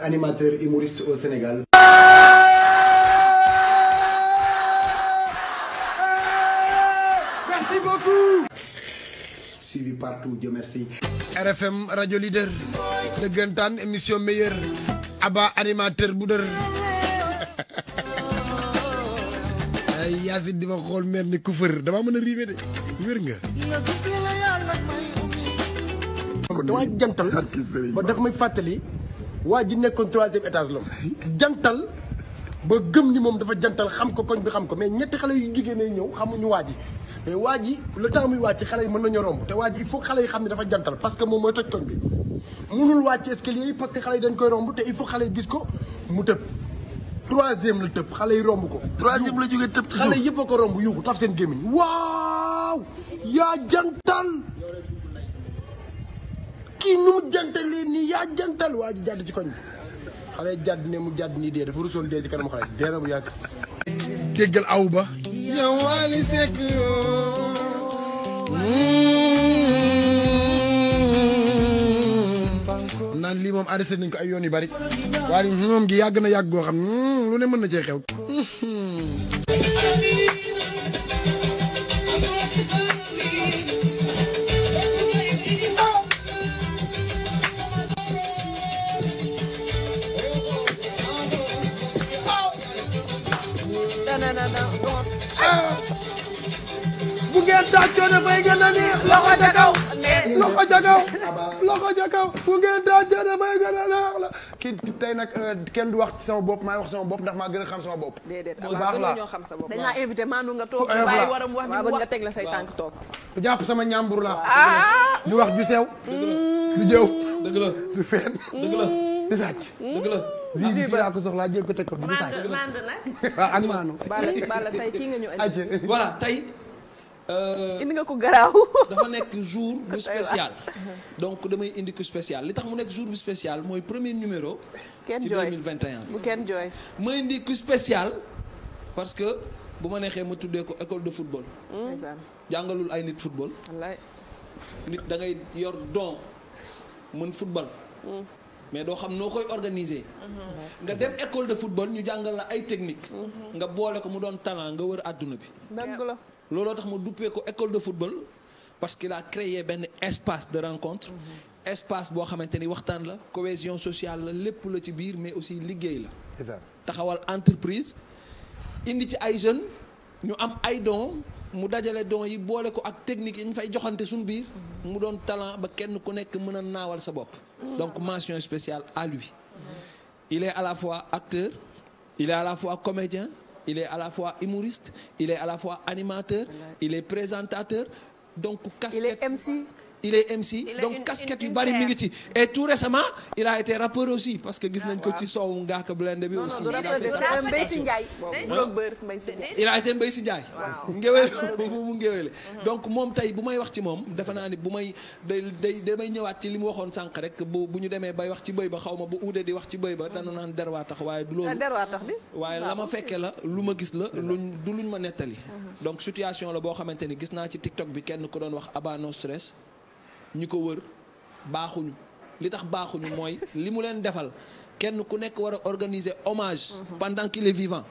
au Sénégal merci beaucoup suivi partout Dieu merci RFM radio leader dëggantaan émission meilleure Aba animateur bu dër xaasit di ma xool mel ni ku fër damaa mën a riime de wér nga. damaa jantal ba dafa may fàttali waa ji nekkoon troisième étage la jantal ba gëm ni moom dafa jantal xam ko koñ bi xam ko mais ñetti xale yu jigéen ñi ñëw xamuñu waa ji mais waa ji le temps muy wàcc xale yi mën nañu romb te waa ji il faut xale yi xam ne dafa jantal parce que moom mooy toj koñ bi mënul wàcc escalier yi parce que xale yi dañ koy romb te il faut xale yi gis ko mu tëb. troisième la tëb xale yi romb ko. troisième la jógee tëb ci suuf xale yëpp a ko romb yuuxu taf seen gémmiñ waaw yaa jantal kii nu mu jantalee nii jantal waa ji jàdd ci koñ bi xale jàdd ne mu jàdd nii dee dafa rusoon dee ci kanam xale dee na bu yàgg. déggal aw ba. yow Wally naan lii moom arrêté nañ ko ayoon yu bari waaye moom gi yàgg na yàgg goo xam hmm, lu ne mën na cee xew. bu ngeen tàccoo dafay gën a neex loxo ca loxo ca kaw loxo ca kaw bu ngeen tàjjee dafay gën a neex la kii tey nag euh, kenn du wax ci sama bopp maay wax sama bopp ndax maa gën a xam sama bopp déedéet ah, baax la ñoo xam sa bopp dañ laa invité maandu nga toog bàyyi waram wax ni bëgg nga teg la say tànk toog jàpp sama ñàmbur la du ah! wax ju sew du jëw dëgg la du fen dëgg la du sàcc dëgg la ziir bi laa ko soxlaa jël ko teg ko bi du sàcc ak maanu bala bala tey kii nga ñu andi voilà tey Euh, indi nga ko garaaw. dafa nekk jour bu spécial. donc damay indi ko spécial li tax mu nekk jour bu spécial mooy premier numéro. kenn jooy ci 2021. bu kenn jooy. ma indi ko spécial parce que bu ma neexee ma tuddee ko école de football. Hmm. jàngalul ay nit football. nit da ngay yor don mën football. Hmm. mais doo xam noo koy organiser. Hmm. nga dem école de football ñu jàngal ay technique. nga boole ko mu doon talent nga wër àdduna bi. looloo tax ma duppee ko école de football parce que a créé benn espace de rencontre. Mm-hmm. espace boo xamante ni waxtaan la cohésion sociale la lépp la ci biir mais aussi liggéey la. taxawal entreprise indi ci ay jeunes ñu am ay dons mu dajale dons yi boole ko ak technique yi ñu fay joxante suñu biir. Mm-hmm. mu doon talent ba kenn ku nekk mën a naawal sa bopp. Mm-hmm. donc mention spéciale à lui. il est à la fois acteur il est à la il est à la fois humoriste il est à la fois animateur il est présentateur donc casquette il est MC il est MC donc casquette yu bari mu ngi ci et tout sama il a été rappeur aussi parce que gis nañ ko ah, ci soowu ngaaka blende bi aussi il a été Mbaye si Ndiaye ngéwél mu ngéwéle donc moom tey bu may wax ci moom defe naa ni bu may day day damay ñëwaat ci li mu waxoon sànq rek bu bu ñu demee bay wax ci bëy ba xaw ma bu uude di wax ci bëy ba mhm. danu naan derwaa tax waaye du loolu ah, waaye la ma fekkee la lu ma gis la lu ñu du lu luñ ma nettali mhm. donc situation la boo xamante ni gis naa ci TikTok bi kenn ko doon wax abano stress ñi ko wër baaxuñu li tax baaxuñu mooy li mu leen defal kenn ku nekk war a organiser hommage pendant qu'il est vivant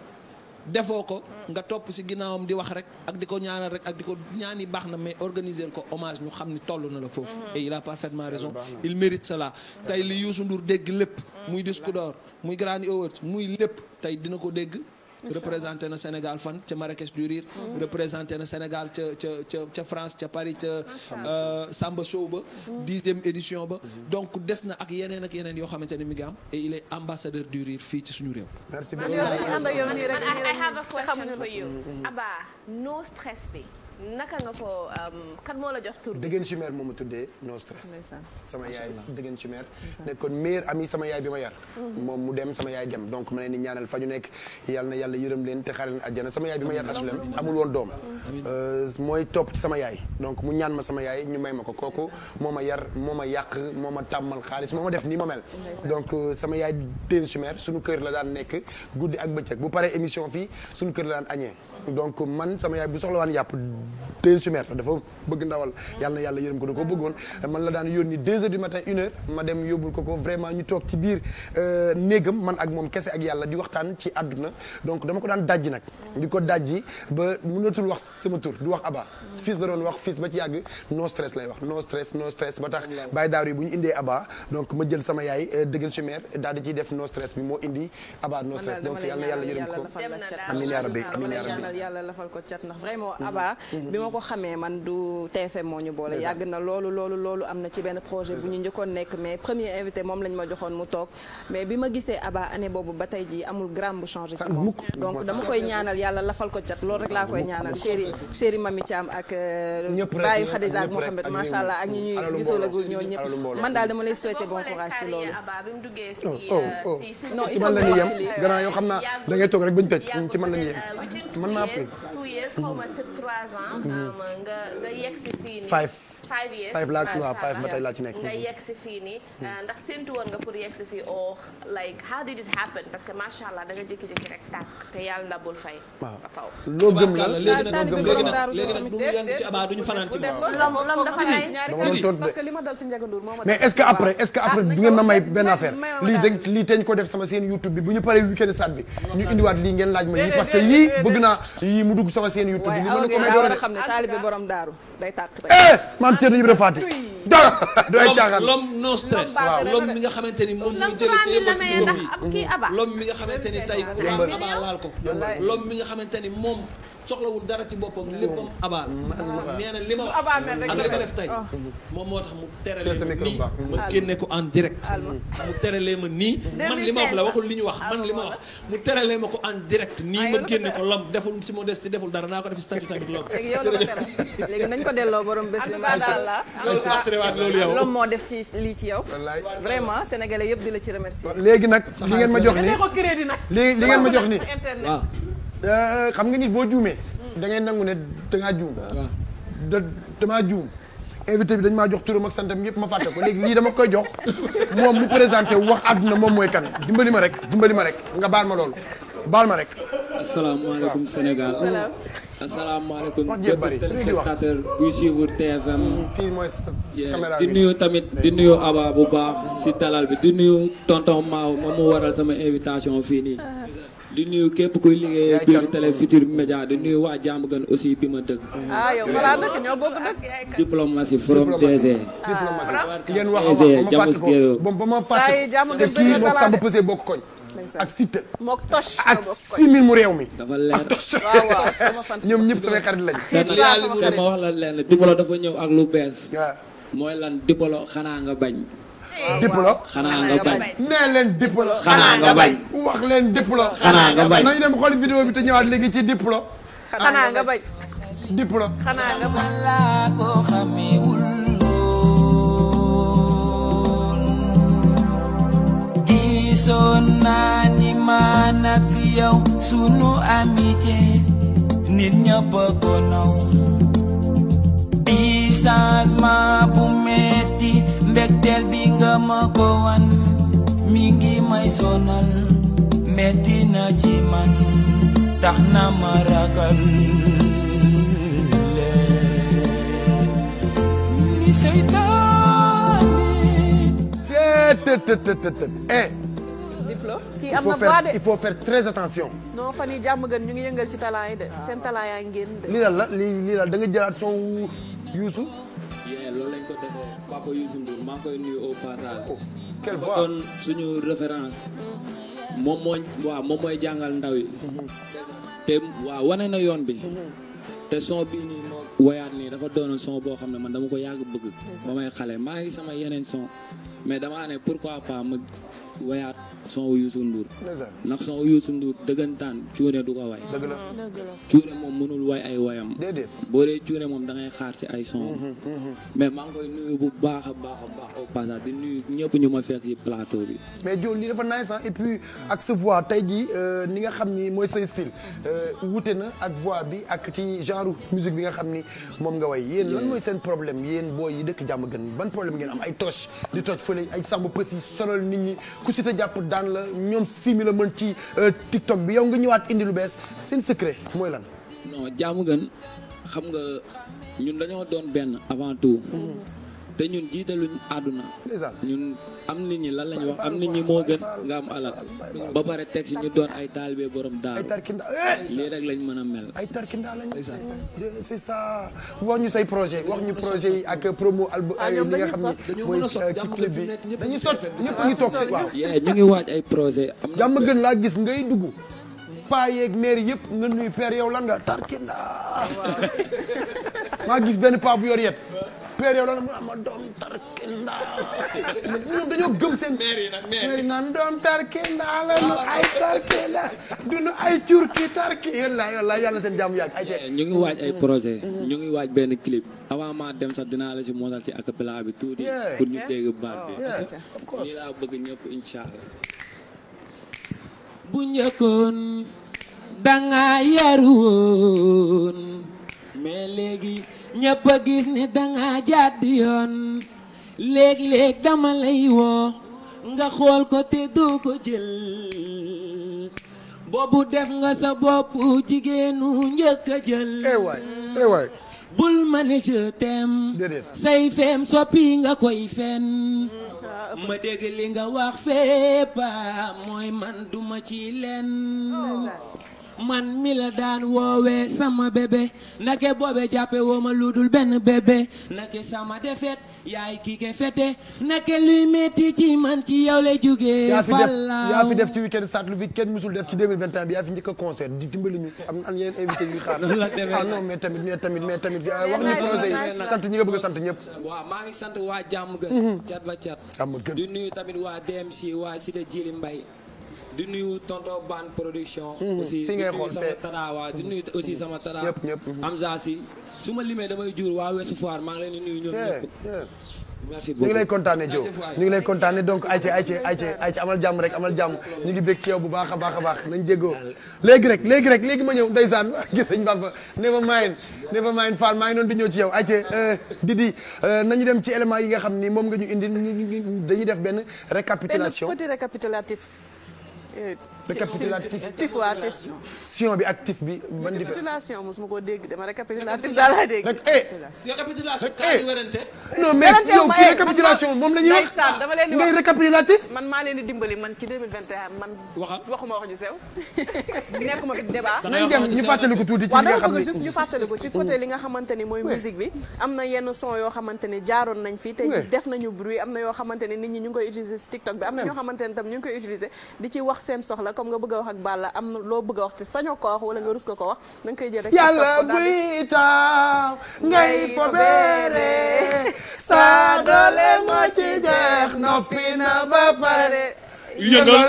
defoo ko nga topp ci ginnaawam di wax rek ak di ko ñaanal rek ak di ko ñaani baax na mais organiser ko hommage ñu xam ni tollu na la foofu mm-hmm. et il a parfaitement raison il mérite cela tey li Youssou ndur dégg lépp muy disque d'or muy Grammy Awards muy lépp tey dina ko dégg représenté na Sénégal fan ca Marrakech du Rire. Mhm. représenté na Sénégal ca ca ca ca France ca Paris ca. Euh, Samba Show ba. Mhm. dixième édition ba. Mhm. donc des na ak yeneen ak yeneen yoo xamante ne mi ngi am et il est ambassadeur du fii ci suñu réew. merci beaucoup. I a question for you. Mm-hmm. Abba, no stress bi. naka nga ko kan moo la jox tur. dëgën moom ma tuddee no stress. sama yaay dëgën ci mère. nekkoon meilleur ami sama yaay bi ma yar. Mhm. moom mu dem sama yaay dem donc ma ni ñaanal fa ñu nekk yal na yàlla yërëm leen te xaaral àjjana sama yaay bi ma yar asulem amul woon doom. Euh, mooy topp sama yaay donc mu ñaan ma sama yaay ñu may ma ko kooku moo ma yar moo ma yàq moo ma tàmmal xaalis moo ma def nii ma donc euh, sama yaay dëgën ci mère suñu kër la daan nekk guddi ak bëccëg bu paree émission fii suñu kër la daan añee donc man sama yaay bu soxla waan yàpp teel si mer dafa bëgg ndawal yàlla na yàlla yërëm ko da ko bëggoon man la daan yónni deux heures du matin une heure ma dem yóbbul ko ko vraiment ñu toog ci biir euh, néegam man ak moom kese ak yàlla di waxtaan ci àdduna donc dama ko daan dajji nag di ko dajji ba mënatul wax sama tur du wax aba fils la doon wax fils ba ci yàgg no stress lay wax no stress no stress ba tax bàyyi daaru yi bu ñu indee aba donc ma jël sama yaay euh, dëggal si mer daal di ciy def no stress bi moo indi aba no stress donc yàlla yàlla yërëm ko bi ma ko xamee man du TFM moo ñu boole yàgg na loolu loolu loolu am na ci benn projet bu ñu njëkkoon nekk mais premier invité moom lañ ma joxoon mu toog mais bi ma gisee Aba année boobu ba tey ji amul gramme bu changé ci moom donc dama ko cat loolu rek laa koy ñaanal chéri chéri Mami Thiam ak euh, baayu Khadija ak Mohamed macha allah ak ñi ñuy gisoolagul ñoo ñëpp man daal yem grand yoo xam naa da ngay toog rek bañ tëj ci man la ñuy yem euh, nga nga yegg si fii nii. five years five laa waaw five ba tey laa ci nekk. nga yegg si fii nii hmm. eh, que macha moom. lom dafa lay parce que li ma ma est ce que après est ce que ah, après du ngeen ma may benn affaire lii dañ ko def sama seen YouTube bi bu ñu paree weekend sat bi ñu indiwaat lii ngeen laaj ma yii parce que yii bëgg naa yii mu dugg sama seen YouTube bi. waaye aw ngeen a war a xam ne taalibe borom daaru day tàkk rek. Eh, maam Thierno Ibrahima Fatick. du ay caaxaan l'homme mi nga xamante ni moom mooy jëlee ci yëpp ak kii aba mi nga xamante ni tey. aba laal ko l'homme mi nga xamante ni moom. soxlawul dara ci boppam mm. léppam abal mm. mm. li ma ak li ma def oh. moom moo tax mu teralee ma nii ma génne ko en direct mu teralee ma nii li ma waxul li ñu wax man li ma wax mu teralee ko direct nii ma génne ko lom deful ci modestie deful dara naa ko def statut tamit ko delloo borom bés bi loolu yow lom moo def ci lii ci yow vraiment sénégalais yëpp di ci remercier léegi nag li ngeen ma jox nii li ngeen ma jox nii Euh, xam nga nit boo juumee. da ngay nangu ne da ngaa juum. da damaa juum. invité bi dañ maa jox turam ak santam yëpp ma fàtte ko léegi lii dama koy jox moom mu présenté wax àdduna moom mooy kan dimbali ma rek dimbali ma rek nga baal ma loolu baal ma rek. asalaamaaleykum Sénégal. asalaamaaleykum bépp téléspectateur buy suivre TFM. Mm, fii mooy caméra di nuyu tamit di nuyu Aba bu baax si dalal bi di nuyu tonton Maw moom mu waral sama invitation fii nii. Uh-huh. di nuyu képp kuy liggéey biir Télé Futurs Médias di nuyu waa Diamaguène aussi bi ma dëkk. ah yow balaa dëkk ñoo bokk dëkk. diplomatie from DG. ngeen ah, wax wax ba ma fàtte te kii moom Samba Pesé bokk koñ. ak Siteu mook Toch ak six mille mu réew mi. dafa leer waaw waaw ñoom ñëpp samay xarit lañ. te ma wax la leen Dibalo dafa ñëw ak lu bees. mooy lan Dibalo xanaa nga bañ. dipp la xanaa nga bañ nee leen dipp la xanaa nga wax leen dipp la xanaa nga bañ nañu dem xool vidéo bi te ñëwaat léegi ci dipp la xanaa nga bañ dipp la xanaa nga ko xamewul gisoon naa ni man ak yow sunu amitié nit ñëpp ko naw changement bu metti mbégteel bi nga ma ko wan mi ngi may sonal metti na ci man tax na ma ragal ni seytaane eh. kii am na voix de il faut faire très attention. non fan yii jàmm gën ñu ngi yëngal ci talent de. seen talent ngi génn de. lii daal la lii daal da nga jëlaat son papa Youssou Ndour maa ngi koy nuyu au passage. Oh, quelle voix doon suñu référence. moom mooy jàngal ndaw yi. te waaw wane na yoon bi. te son bii nii nii dafa doonoon son boo xam ne man dama ko yàgg bëgg. ba may xale maa ngi sama yeneen son mais damaa ne pourquoi pas ma woyaat. son Youssou Ndour ndax son Youssou Ndour dëggantaan cuune du ko way cuune moom mënul way ay wayam boo dee cuune moom da ngay xaar si ay son mm-hmm, mm-hmm. mais maa ngi koy nuyu bu fekk si plateau bi mais Diop lii dafa nice et puis ak sa voix tey ji euh, ni nga xam ni mooy say style euh, wute na ak voix bi ak ci genre musique bi nga xam ni moom nga way yéen lan mooy seen problème yéen booy yi dëkk jàmm gën ban problème ngeen am ay toj di toj fële ay sax bu pës yi nit daan la ñoom simila mën ci euh, TikTok bi yow nga ñëwaat indi lu bees seen secret mooy lan. non jaamu gën xam nga ñun dañoo doon benn avant tout. Mm-hmm. te ñun jiitaluñ àdduna ñun am nit ñi lan la ñuy wax am nit ñi moo gën am alal ba pare teg si ñu doon ay taalibe borom daaru eh! lii rek lañ mën a mel ay tarkinda lañ c'est ça wax ñu say projet wax ñu projet yi ak promo album ah, euh, li nga xam ne mooy euh, clip bi dañu sot ñëpp ñu toog si waaw yee ñu ngi waaj ay projet am jàmm gën laa gis ngay dugg paa yeeg maire yëpp nga nuyu père yow lan nga tarkinda ah, maa gis benn paa bu yor yet père yow daan na ma doom projet ñu ngi waaj benn clip. avant dem sax dinaa la si montal oh, bu njëkkoon danga yaru woon mais ñëpp a gis ne danga jàdd yoon léeg-léeg dama lay woo nga xool ko te doo ko jël boobu def nga sa bopp jigéenu njëkk a jël eh, eh bul ma ne say feem soppi nga koy fen ma dégg li nga wax fépp mooy man duma ci leen oh, man mi la daan woowee sama bébé ndake boobe jàppe woo ma lu dul benn bébé ndake sama defet yaay kii ke fete ndake luy metti ci man ci yow lay jugee fallaaw yaa fi def ci weekend saat lu fi kenn musul def ci 2021 bi yaa fi njëkk a concert di dimbali ñu am am yeneen invité yu xaar ah non mais tamit mais tamit mais tamit wax ñu projet yi sant ñi nga bëgg sant ñëpp waaw maa ngi sant waa jàmm ga mhm. cat ba cat di nuyu tamit waa DMC waa Cité Djily Mbaye di nuyu tonton Ban production. Hmm, aussi di nuyu sama tadaawaa di nuyu hmm, hmm, sama tadaa. ñëpp ñëpp ma limee damay jur waa Ouest Foire maa ngi leen di nuyu ñoom ñëpp. merci beaucoup ñu ngi lay kontaanee Diop ñu ngi lay kontaanee donc ay ayca ayca ayca amal jàmm rek amal jàmm ñu ngi bég ci yow bu baax a baax a baax nañ déggoo léegi rek léegi rek léegi ma ñëw ndeysaan gis sëñ Bamba never mind never mind Fall maa ngi doon di ñëw ci yaw ayca euh, di di euh, nañu dem ci élément yi nga xam ni moom nga ñu indi dañuy def benn récapitulation benn petit récapitulatif. Euh, récapitulatif tif waa tif sion bi ak tif bi. ban différence eh! eh! yow man maa leen dimbali man ci man. waxuma wax ju sew. nekkuma fi débat. nañ dem ñu fàttaliku tuuti ci li nga xam ne juste ñu fàttaliku ci côté li nga xamante mooy musique bi. am na yenn son yoo xamante jaaroon nañ fi. te def nañu bruit am na yoo xamante nit ñi ñu ngi koy utiliser ci TikTok bi am na ñoo xamante tam ñu ngi koy utiliser di ci wax seen soxla comme nga bëgg wax ak Balla am loo bëgga wax te sañoo ko wax wala nga rus ko ko wax da nga koy jël rek. yàlla buy taaw ngay fobeere sa doole moo ci jeex noppi na ba pare. yëngal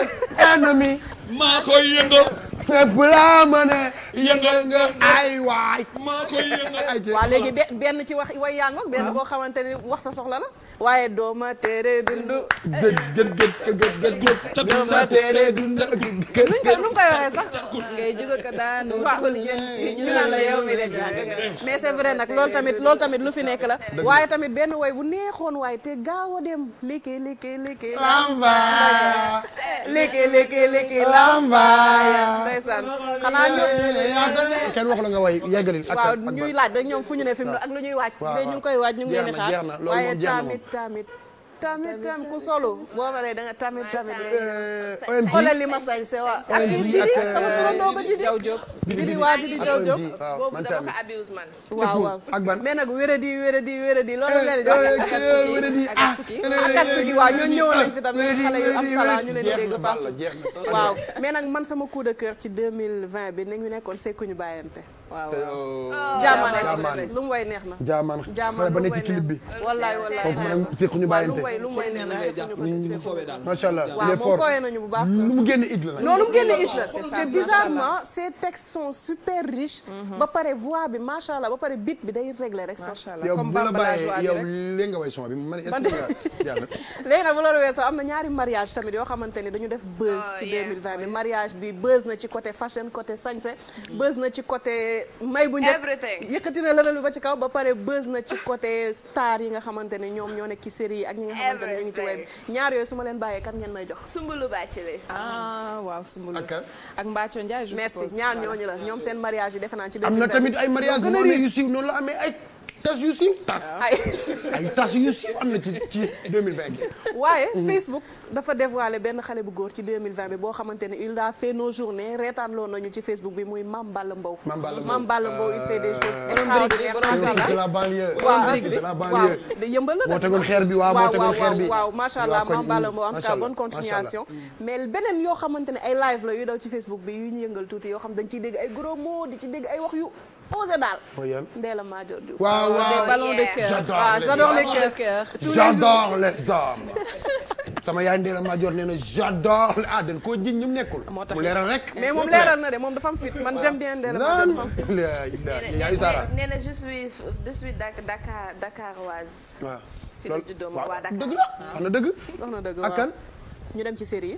ennemi. maa koy yëngal. fépp laa mëne yëngal nga ay waay maa léegi benn ci wax way yaa ngoog benn ah. boo xamante ni wax sa soxla la waaye dooma téere dundu gëd gëd gëd gëd gëd dooma téere dundu gëd gëd nu koy waxee sax ngay jóge ko daanu waaw ñu naan la yow mi de mais c'est nag loolu tamit loolu tamit lu fi nekk la waaye tamit benn way bu neexoon waaye te gaaw a dem léegi léegi léegi lamba léegi léegi léegi lamba ndeysaan xanaa ñu kenn waxu la nga way yeggalil ak waaw ñuy laaj rek ñoom fu ñu ne fi mu ak lu ñuy waaj. ñu ngi koy xaar waaye tamit tamit tamit tam ku solo boo waree da nga tamit tamit. ONG eh, xoolal li ma sañ se waa. ak Didi eh, sama turandoo ba Didi Jaw Jóob. Didi waa Didi Jaw Jóob. waaw man tamit waaw waaw. ak ban mais nag wéradi wéradi wéradi loolu eh, nga di jox ak Katsuki ak ah, Katsuki waaw ñoo ñëwoon nañ fi tam ñu xale yu am talent ñu leen dégg baax waaw mais nag man sama coup de cœur ci 2020 bi nañu nekkoon sekkuñu bàyyante waaw waaw oh. ah, jaamaan lu mu way neex na jaamaan jaamaan ba nekk ci bi wallaay wallaay kooku man séq ñu bàyyante lu mu way neex na allah waaw moom foowee nañu bu baax lu mu génn it la non lu mu génn it la te bizarrement ces textes sont super riches mhm. ba pare voix bi macha allah pare bi day réglé rek macha allah comme bambalage bi rek yow léegi nga bu loolu weesoo am na ñaari mariage tamit yoo xamante ni dañu def buzz ci 2020 bi mariage bi buzz na ci coté fashion coté sañse buzz na ci côté may bu njëkk yëkkati na level bi ba ci kaw ba pare bës na ci côté star yi nga xamante ñoom ñoo nekk ci série yi ak ñi nga xamante ñu ngi ci web ñaar yooyu su ma leen bàyyee ngeen may jox sumbulu bàccile ah waaw sumbulu ak Mbathio Ndiaye merci ñaar ñooñu la ñoom na tamit ay mariage yu noonu la amee ay tas yu siiw tas ay tas yu siiw am na ci ci 2020 bi waaye Facebook dafa dévoilé benn xale bu góor ci boo xamante ne il a fait nos journées reetaanloo nañu ci Facebook bi muy Mame Balla Mbow Mame Balla Mbow il fait des euh, choses extraordinaires de la banlieue de la banlieue yëmbal la moo tegoon xeer bi waaw tegoon xeer bi waaw macha allah Mame Balla Mbow en tout continuation mais beneen yoo xamante ne ay live la yu daw ci Facebook bi yu ñu yëngal tuuti yoo xam dañ ciy dégg ay gros mots di ci dégg osé daal. mooy yan Ndella Madior Diouf. sama yaay Ndella Madior nee na j'adore ah dañ koo jiñ ñu nekkul. moo tax mu leeral rek. mais moom leeral na de moom dafa am fit man j'aime bien Ndella Madior dafa am fit. yaayu Sara nee na je suis Dakar Dakaroise. waaw loolu waaw dëgg la wax na dëgg. dëgg ak ñu dem ci série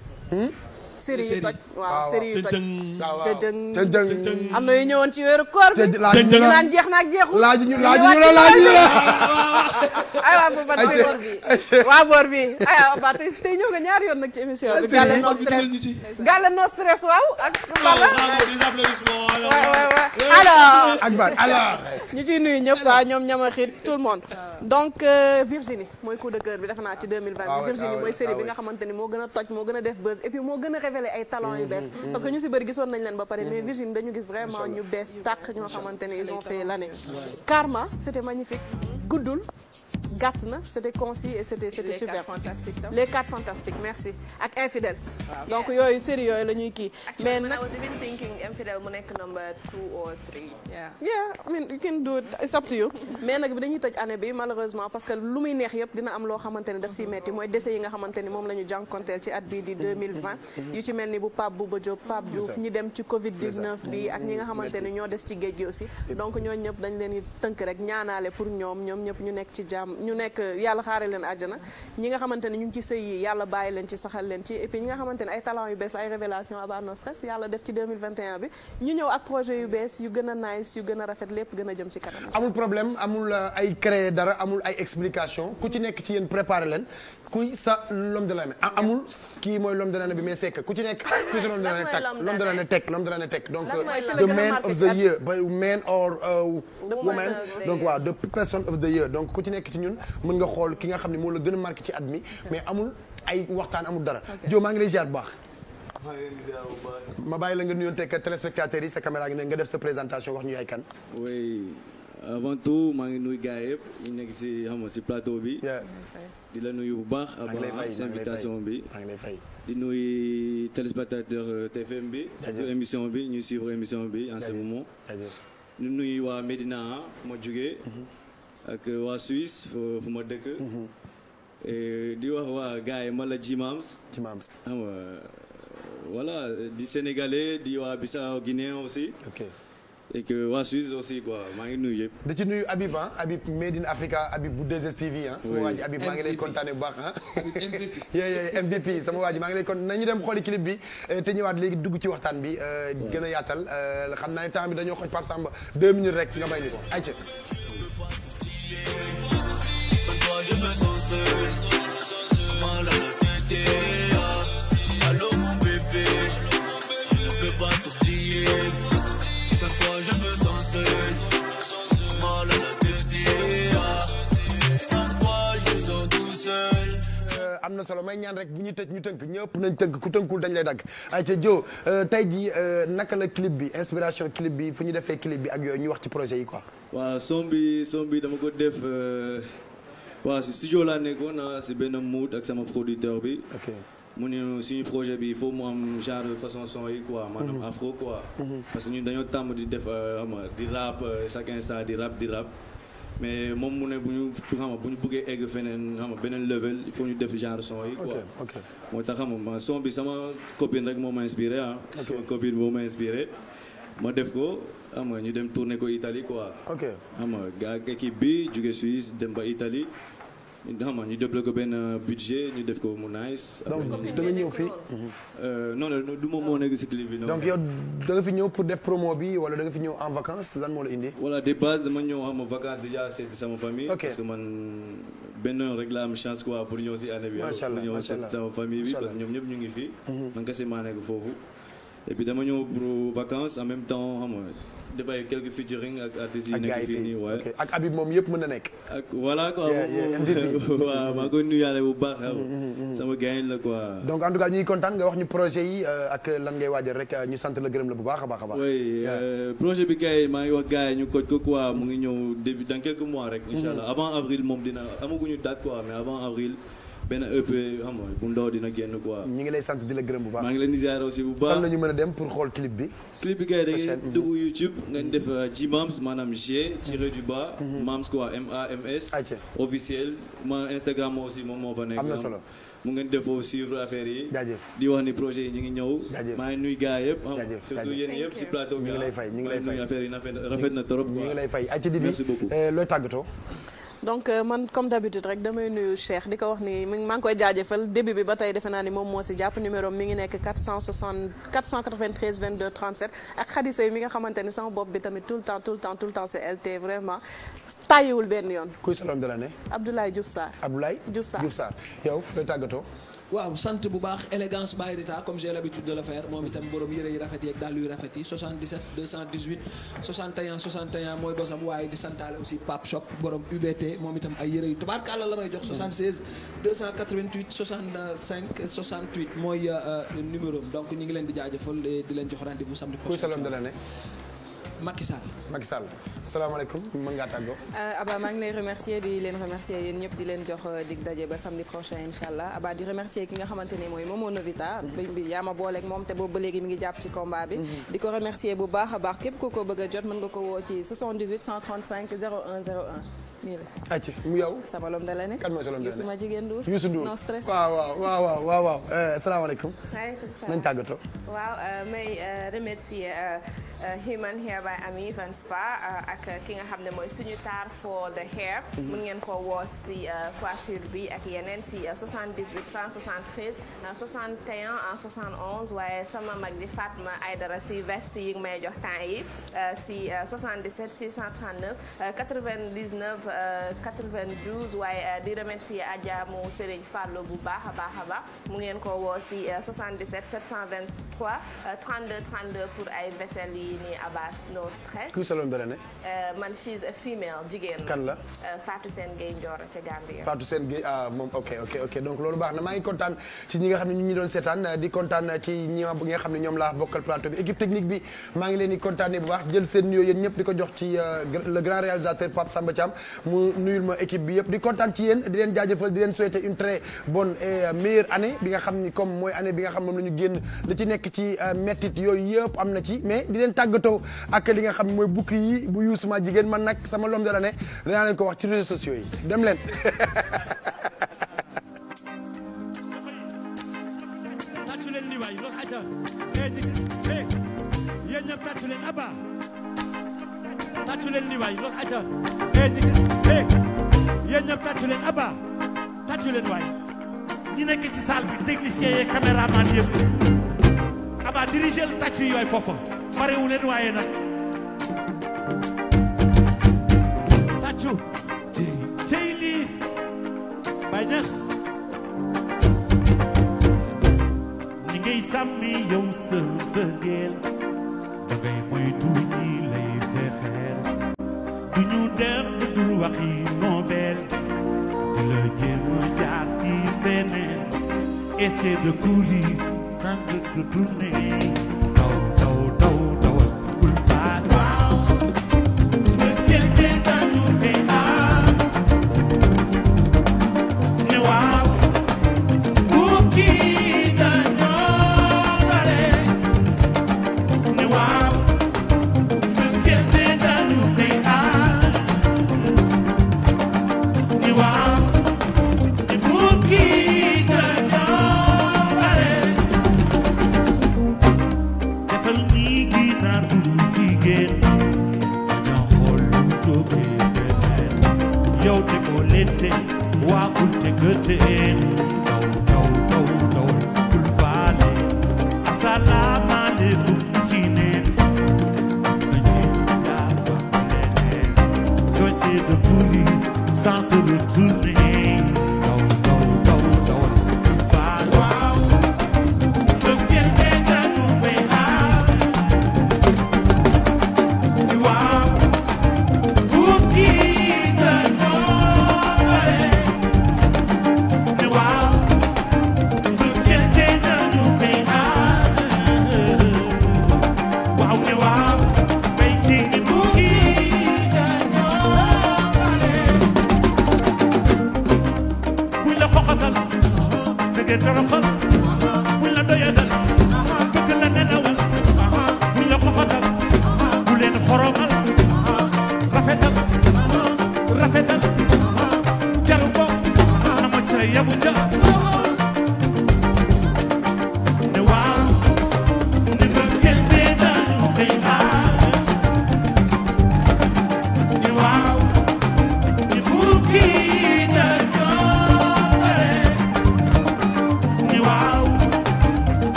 série yu toj waaw série yu toj te dëng te dëng am na yu ñëwoon ci weeru koor bi ñu naan jeex na ak jeexu laaj ñu laaj ñu la laaj ñu la ay waa bu ba boor bi waa boor bi ay waa ba tey tey ñëw nga ñaari yoon nag ci émission bi gàlle no stress gàlle no stress waaw ak baba des applaudissements alors akbar alors ñu ciy nuyu ñëpp waa ñoom ñama xiit tout le monde donc euh, Virginie mooy coup de cœur bi defe naa ci 2020 ah Virginie ah mooy série ah bi nga xamante ni moo gën a toj moo gën a def buzz et puis moo gën a révélé ay talents yu bees mm-hmm. parce que ñu si bëri gisoon nañ leen ba pare mais mm-hmm. Virginie dañu gis vraiment ñu bees tàq ñoo xamante ils ont fait l'année Karma c'était magnifique guddul gàtt na c'était concis et c'était c'était super les mais nag I bi dañuy tëj année bi malheureusement parce que lu muy neex yëpp dina am loo xamante daf siy metti mooy décès yi nga xamante moom la ñu jànkonteel ci at bii di yu ci mel ni bu Pape bu Diop Pape Diouf ñi dem ci Covid 19 bi ak ñi nga xamante ne ñoo des ci géej gi aussi donc ñooñu ñëpp dañ leen di tënk rek ñaanaale pour ñoom ñoom ñëpp ñu nekk ci jàmm ñu nekk yàlla xaare leen àjjana ñi nga xamante ne ñu ngi ci sëy yi yàlla bàyyi leen ci saxal leen ci et ñi nga xamante ne ay talent yu bees la ay révélation Aba No Stress yàlla def ci 2021 bi ñu ñëw ak projet yu bees yu gën a nice yu gën a rafet lépp gën a jëm ci kanam amul problème amul euh, ay créer dara amul ay explication ku ci nekk ci yéen préparé leen kuy sa l'homme de l'année amul kii mooy l'homme de l'année bi mais c'est ku ci nekk ku ci l'homme de l'année teg l'homme de l'année teg l'homme de l'année teg donc euh, the man of the year man or euh, woman donc waaw the person of the year donc ku ci nekk ci ñun mën nga xool ki nga xam ne moo la gën a marqué ci at mi mais amul ay waxtaan amul dara Diop maa ngi lay ziar bu la nga nuyoon teg téléspectateurs yi sa caméra ngi nga def sa présentation wax ñu yaay kan avant tout maa ngi nuy gars yëpp ñu nekk si si plateau bi. di la nuyu bu baax. avant si bi. di nuyu téléspectateur euh, TFM bi. surtout émission bi ñuy suivre émission bi en ce moment. ñu nuyu waa Médina fu ma jugee. Mhm. Euh, waa Suisse fu ma dëkk. Mhm. di wax waa gars yi ma la Jimams. Jimams xam nga euh, di sénégalais di waa Bissau Guinée aussi. et que maa ngi nuyu yëpp. da ci nuyu Habib ah Habib Made in Africa Habib bu 2STV ah. sama waa Habib maa ngi lay kontaanee bu baax ah. MVP MVP sama waa ji maa ngi lay kontaan nañu dem xooli clip bi eh, te ñëwaat léegi dugg ci waxtaan bi. Eh, gën a yaatal eh, xam naa ne temps bi dañoo xoj par Samba deux minutes rek nga may ni ko ayca. na solo may ñaan rek bu ñu tëj ñu tënk ñëpp nañ tënk ku tënkul dañ lay dagg ay ca jo tey ji euh, naka la clip bi inspiration clip bi fu ñu defee clip bi ak yooyu ñu wax ci projet yi quoi waaw son bi son bi dama ko def euh, waaw si studio laa nekkoon ah, si benn mood ak sama producteur bi mu ne suñu projet bi il faut mu am genre façon son yi quoi maanaam mhm. afro quoi mhm. parce que ñun dañoo tàmm di def euh, di rap chaque instant di rap di rap mais moom mu ne bu ñu xam bu ñu buggee egg feneen xam beneen level il faut ñu def genre son yi quoi moo tax xam ma son bi sama copine rek moo ma inspiré ah sama copine moo ma inspiré ma def ko am nga ñu dem tourner ko itali quoi xam nga gaa équipe bi jóge Suisse dem ba Italie xam nga ñu débloqué benn budget def ko mu nice. donc da nga ñëw fii. Euh, non non du moom moo si clip bi. donc yow da nga fi ñëw pour def promo bi wala da fi ñëw en vacances lan moo la indi. voilà de dama ñëw xam nga vacances déjà sama famille. parce que man benn rek laa am chance quoi pour ñëw si année bi. macha allah pour ñëw seeti sama famille bi parce que ñoom ñëpp ñu ngi fi. Mhm. man kese maa nekk foofu. et dama ñëw pour vacances en même temps xam def ay quelques featuring ak artistes yi nekk fii nii waaye ak Habib moom yëpp mën na nekk ak voilà maa koy nuyaale bu baax mm, mm, mm. sama gain la quoi donc en tout cas ñuy kontaan nga wax ñu projet yi euh, ak lan ngay waajal rek euh, ñu sant la gërëm la bu baax a baax a baax euh, projet bi gars yi maa ngi wax gars yi ñu koj ko quoi mu ngi ñëw début dans quelques mois rek incha mm-hmm. allah avant avril moom dina amaguñu date quoi mais avant avril benn EP xam nga bu ndaw dina génn quoi. ñu ngi lay sant di la gërëm bu baax maa ngi leen di ziar aussi bu baax fan la ñu mën a dem pour xool bi. clip bi mhm. def euh, G Mams maanaam G tiré du bas. Mhm. Mams quoi M A M S. Ah, ma Instagram aussi moom moo fa am na solo mu ngeen def foofu suivre affaire yi. jaajëf di wax ni projet yi ñu ngi ñëw. jaajëf maa ngi nuyu gars yëpp. jaajëf surtout yéen yëpp si plateau bi. ñu ngi lay ah. fay ñu ngi lay fay affaire yi rafet merci beaucoup euh, looy tàggatoo donc euh, man comme d'habitude rek damay nuyu Cheikh di ko wax ni maa ngi koy jaajëfal début bi ba tey defe naa ni moom moo si jàpp numéro mi ngi nekk 460 493 22 37 ak xadisa yi mi nga xamante ni sama bopp bi tamit tout le temps tout le temps tout le temps c'est LT vraiment tàyyiwul benn yoon. kuy sa doom de l'année. Abdoulaye Diouf Sarr. Abdoulaye Diouf Sarr Diouf Sarr yow waaw sant bu baax élégance by Rita comme j'ai l'habitude de le faire moom itam borom yëre yi rafet yeeg dàll yu rafet yi 77 218 61 61 mooy bosam waaye di santaale aussi Pape Shop borom UBT moom itam ay yëre yu tubaarkàlla la may jox 76 288 65 mooy euh, numéro donc ñu ngi leen di jaajëfal di leen jox rendez-vous samedi prochain. kuy salon de l'année. Macky Sall. Macky Sall salaamaaleykum mën ngaa tàggoo. Euh, Aba maa ngi lay remercier di leen remercier yéen ñëpp di leen jox euh, dig daje ba samedi prochain incha allah Aba di remercier ki nga xamante ni mooy Momo Novita bi yaa ma booleeg moom te boobu ba léegi mi ngi jàpp ci combat bi. Mm-hmm. di ko remercier bu baax a baax képp ku ko bëgg a jot mën nga ko woo ci 78 135 01 01. nii la ayca mu yow. sama lom da la ne. kan mooy sa lom da la ne Youssouma Jigéen stress. waaw waaw waaw waaw waaw asalaamaaleykum. Eh, maaleykum salaam nañu tàggatoo. waaw eh, may eh, remercier Human Hair by Ami Van Spa ak ki nga xam ne mooy suñu taar for the hair. Mhm. mun ngeen ko woo si coiffure bi ak yeneen si 78 173 61 71 waaye sama mag di Fatma Aydara si veste yi may jox temps yi si 77 639 99. 92 waaye euh, di remercier Adja mu Serigne Fallou bu baax a baax a baax mu ngeen ko woo si 77 723 32 32 pour ay vaisselle yi nii Abass no stress. kuy salon de l'année. Euh, man she's female jigéen. kan la euh, Fatou Sène Gueye Ndioro ca Gambie. Fatou Sène Gueye ah moom ok ok ok donc loolu baax na maa ngi kontaan ci ñi nga xam ne ñu ngi doon seetaan di kontaan ci ñi nga xam ne ñoom laa bokkal plateau bi équipe technique bi maa ngi leen di kontaanee bu baax jël seen nuyoo yéen di ko jox ci le grand réalisateur Samba Thiam. mu nuyul ma équipe bi yëpp di kontaan ci yéen di leen jaajëfal di leen souhaiter une très bonne et euh, meilleure année bi nga xam ni comme mooy année bi nga xam moom la ñu génn li ci nekk ci euh, mettit yooyu yëpp am na ci mais di leen tàggatoo ak li nga xam mooy bukki yi bu yuusuma jigéen man nag sama lom de l'année danaa leen ko wax ci réseaux sociaux yi leen yéen ñëpp tàccu leen Abba tàccu leen waay ñi nekk ci salle bi technicien yeeg caméraman yëpp Abba dirigé la tàccu foofa parewu waaye nag tàccu cey lii Baye Niass ni ngay sàmmi yow sa bëggeel da ngay moytu ñi lay fexeel du ñu dem du waxi noobee beneen essaie de courir tant que de tourner côté.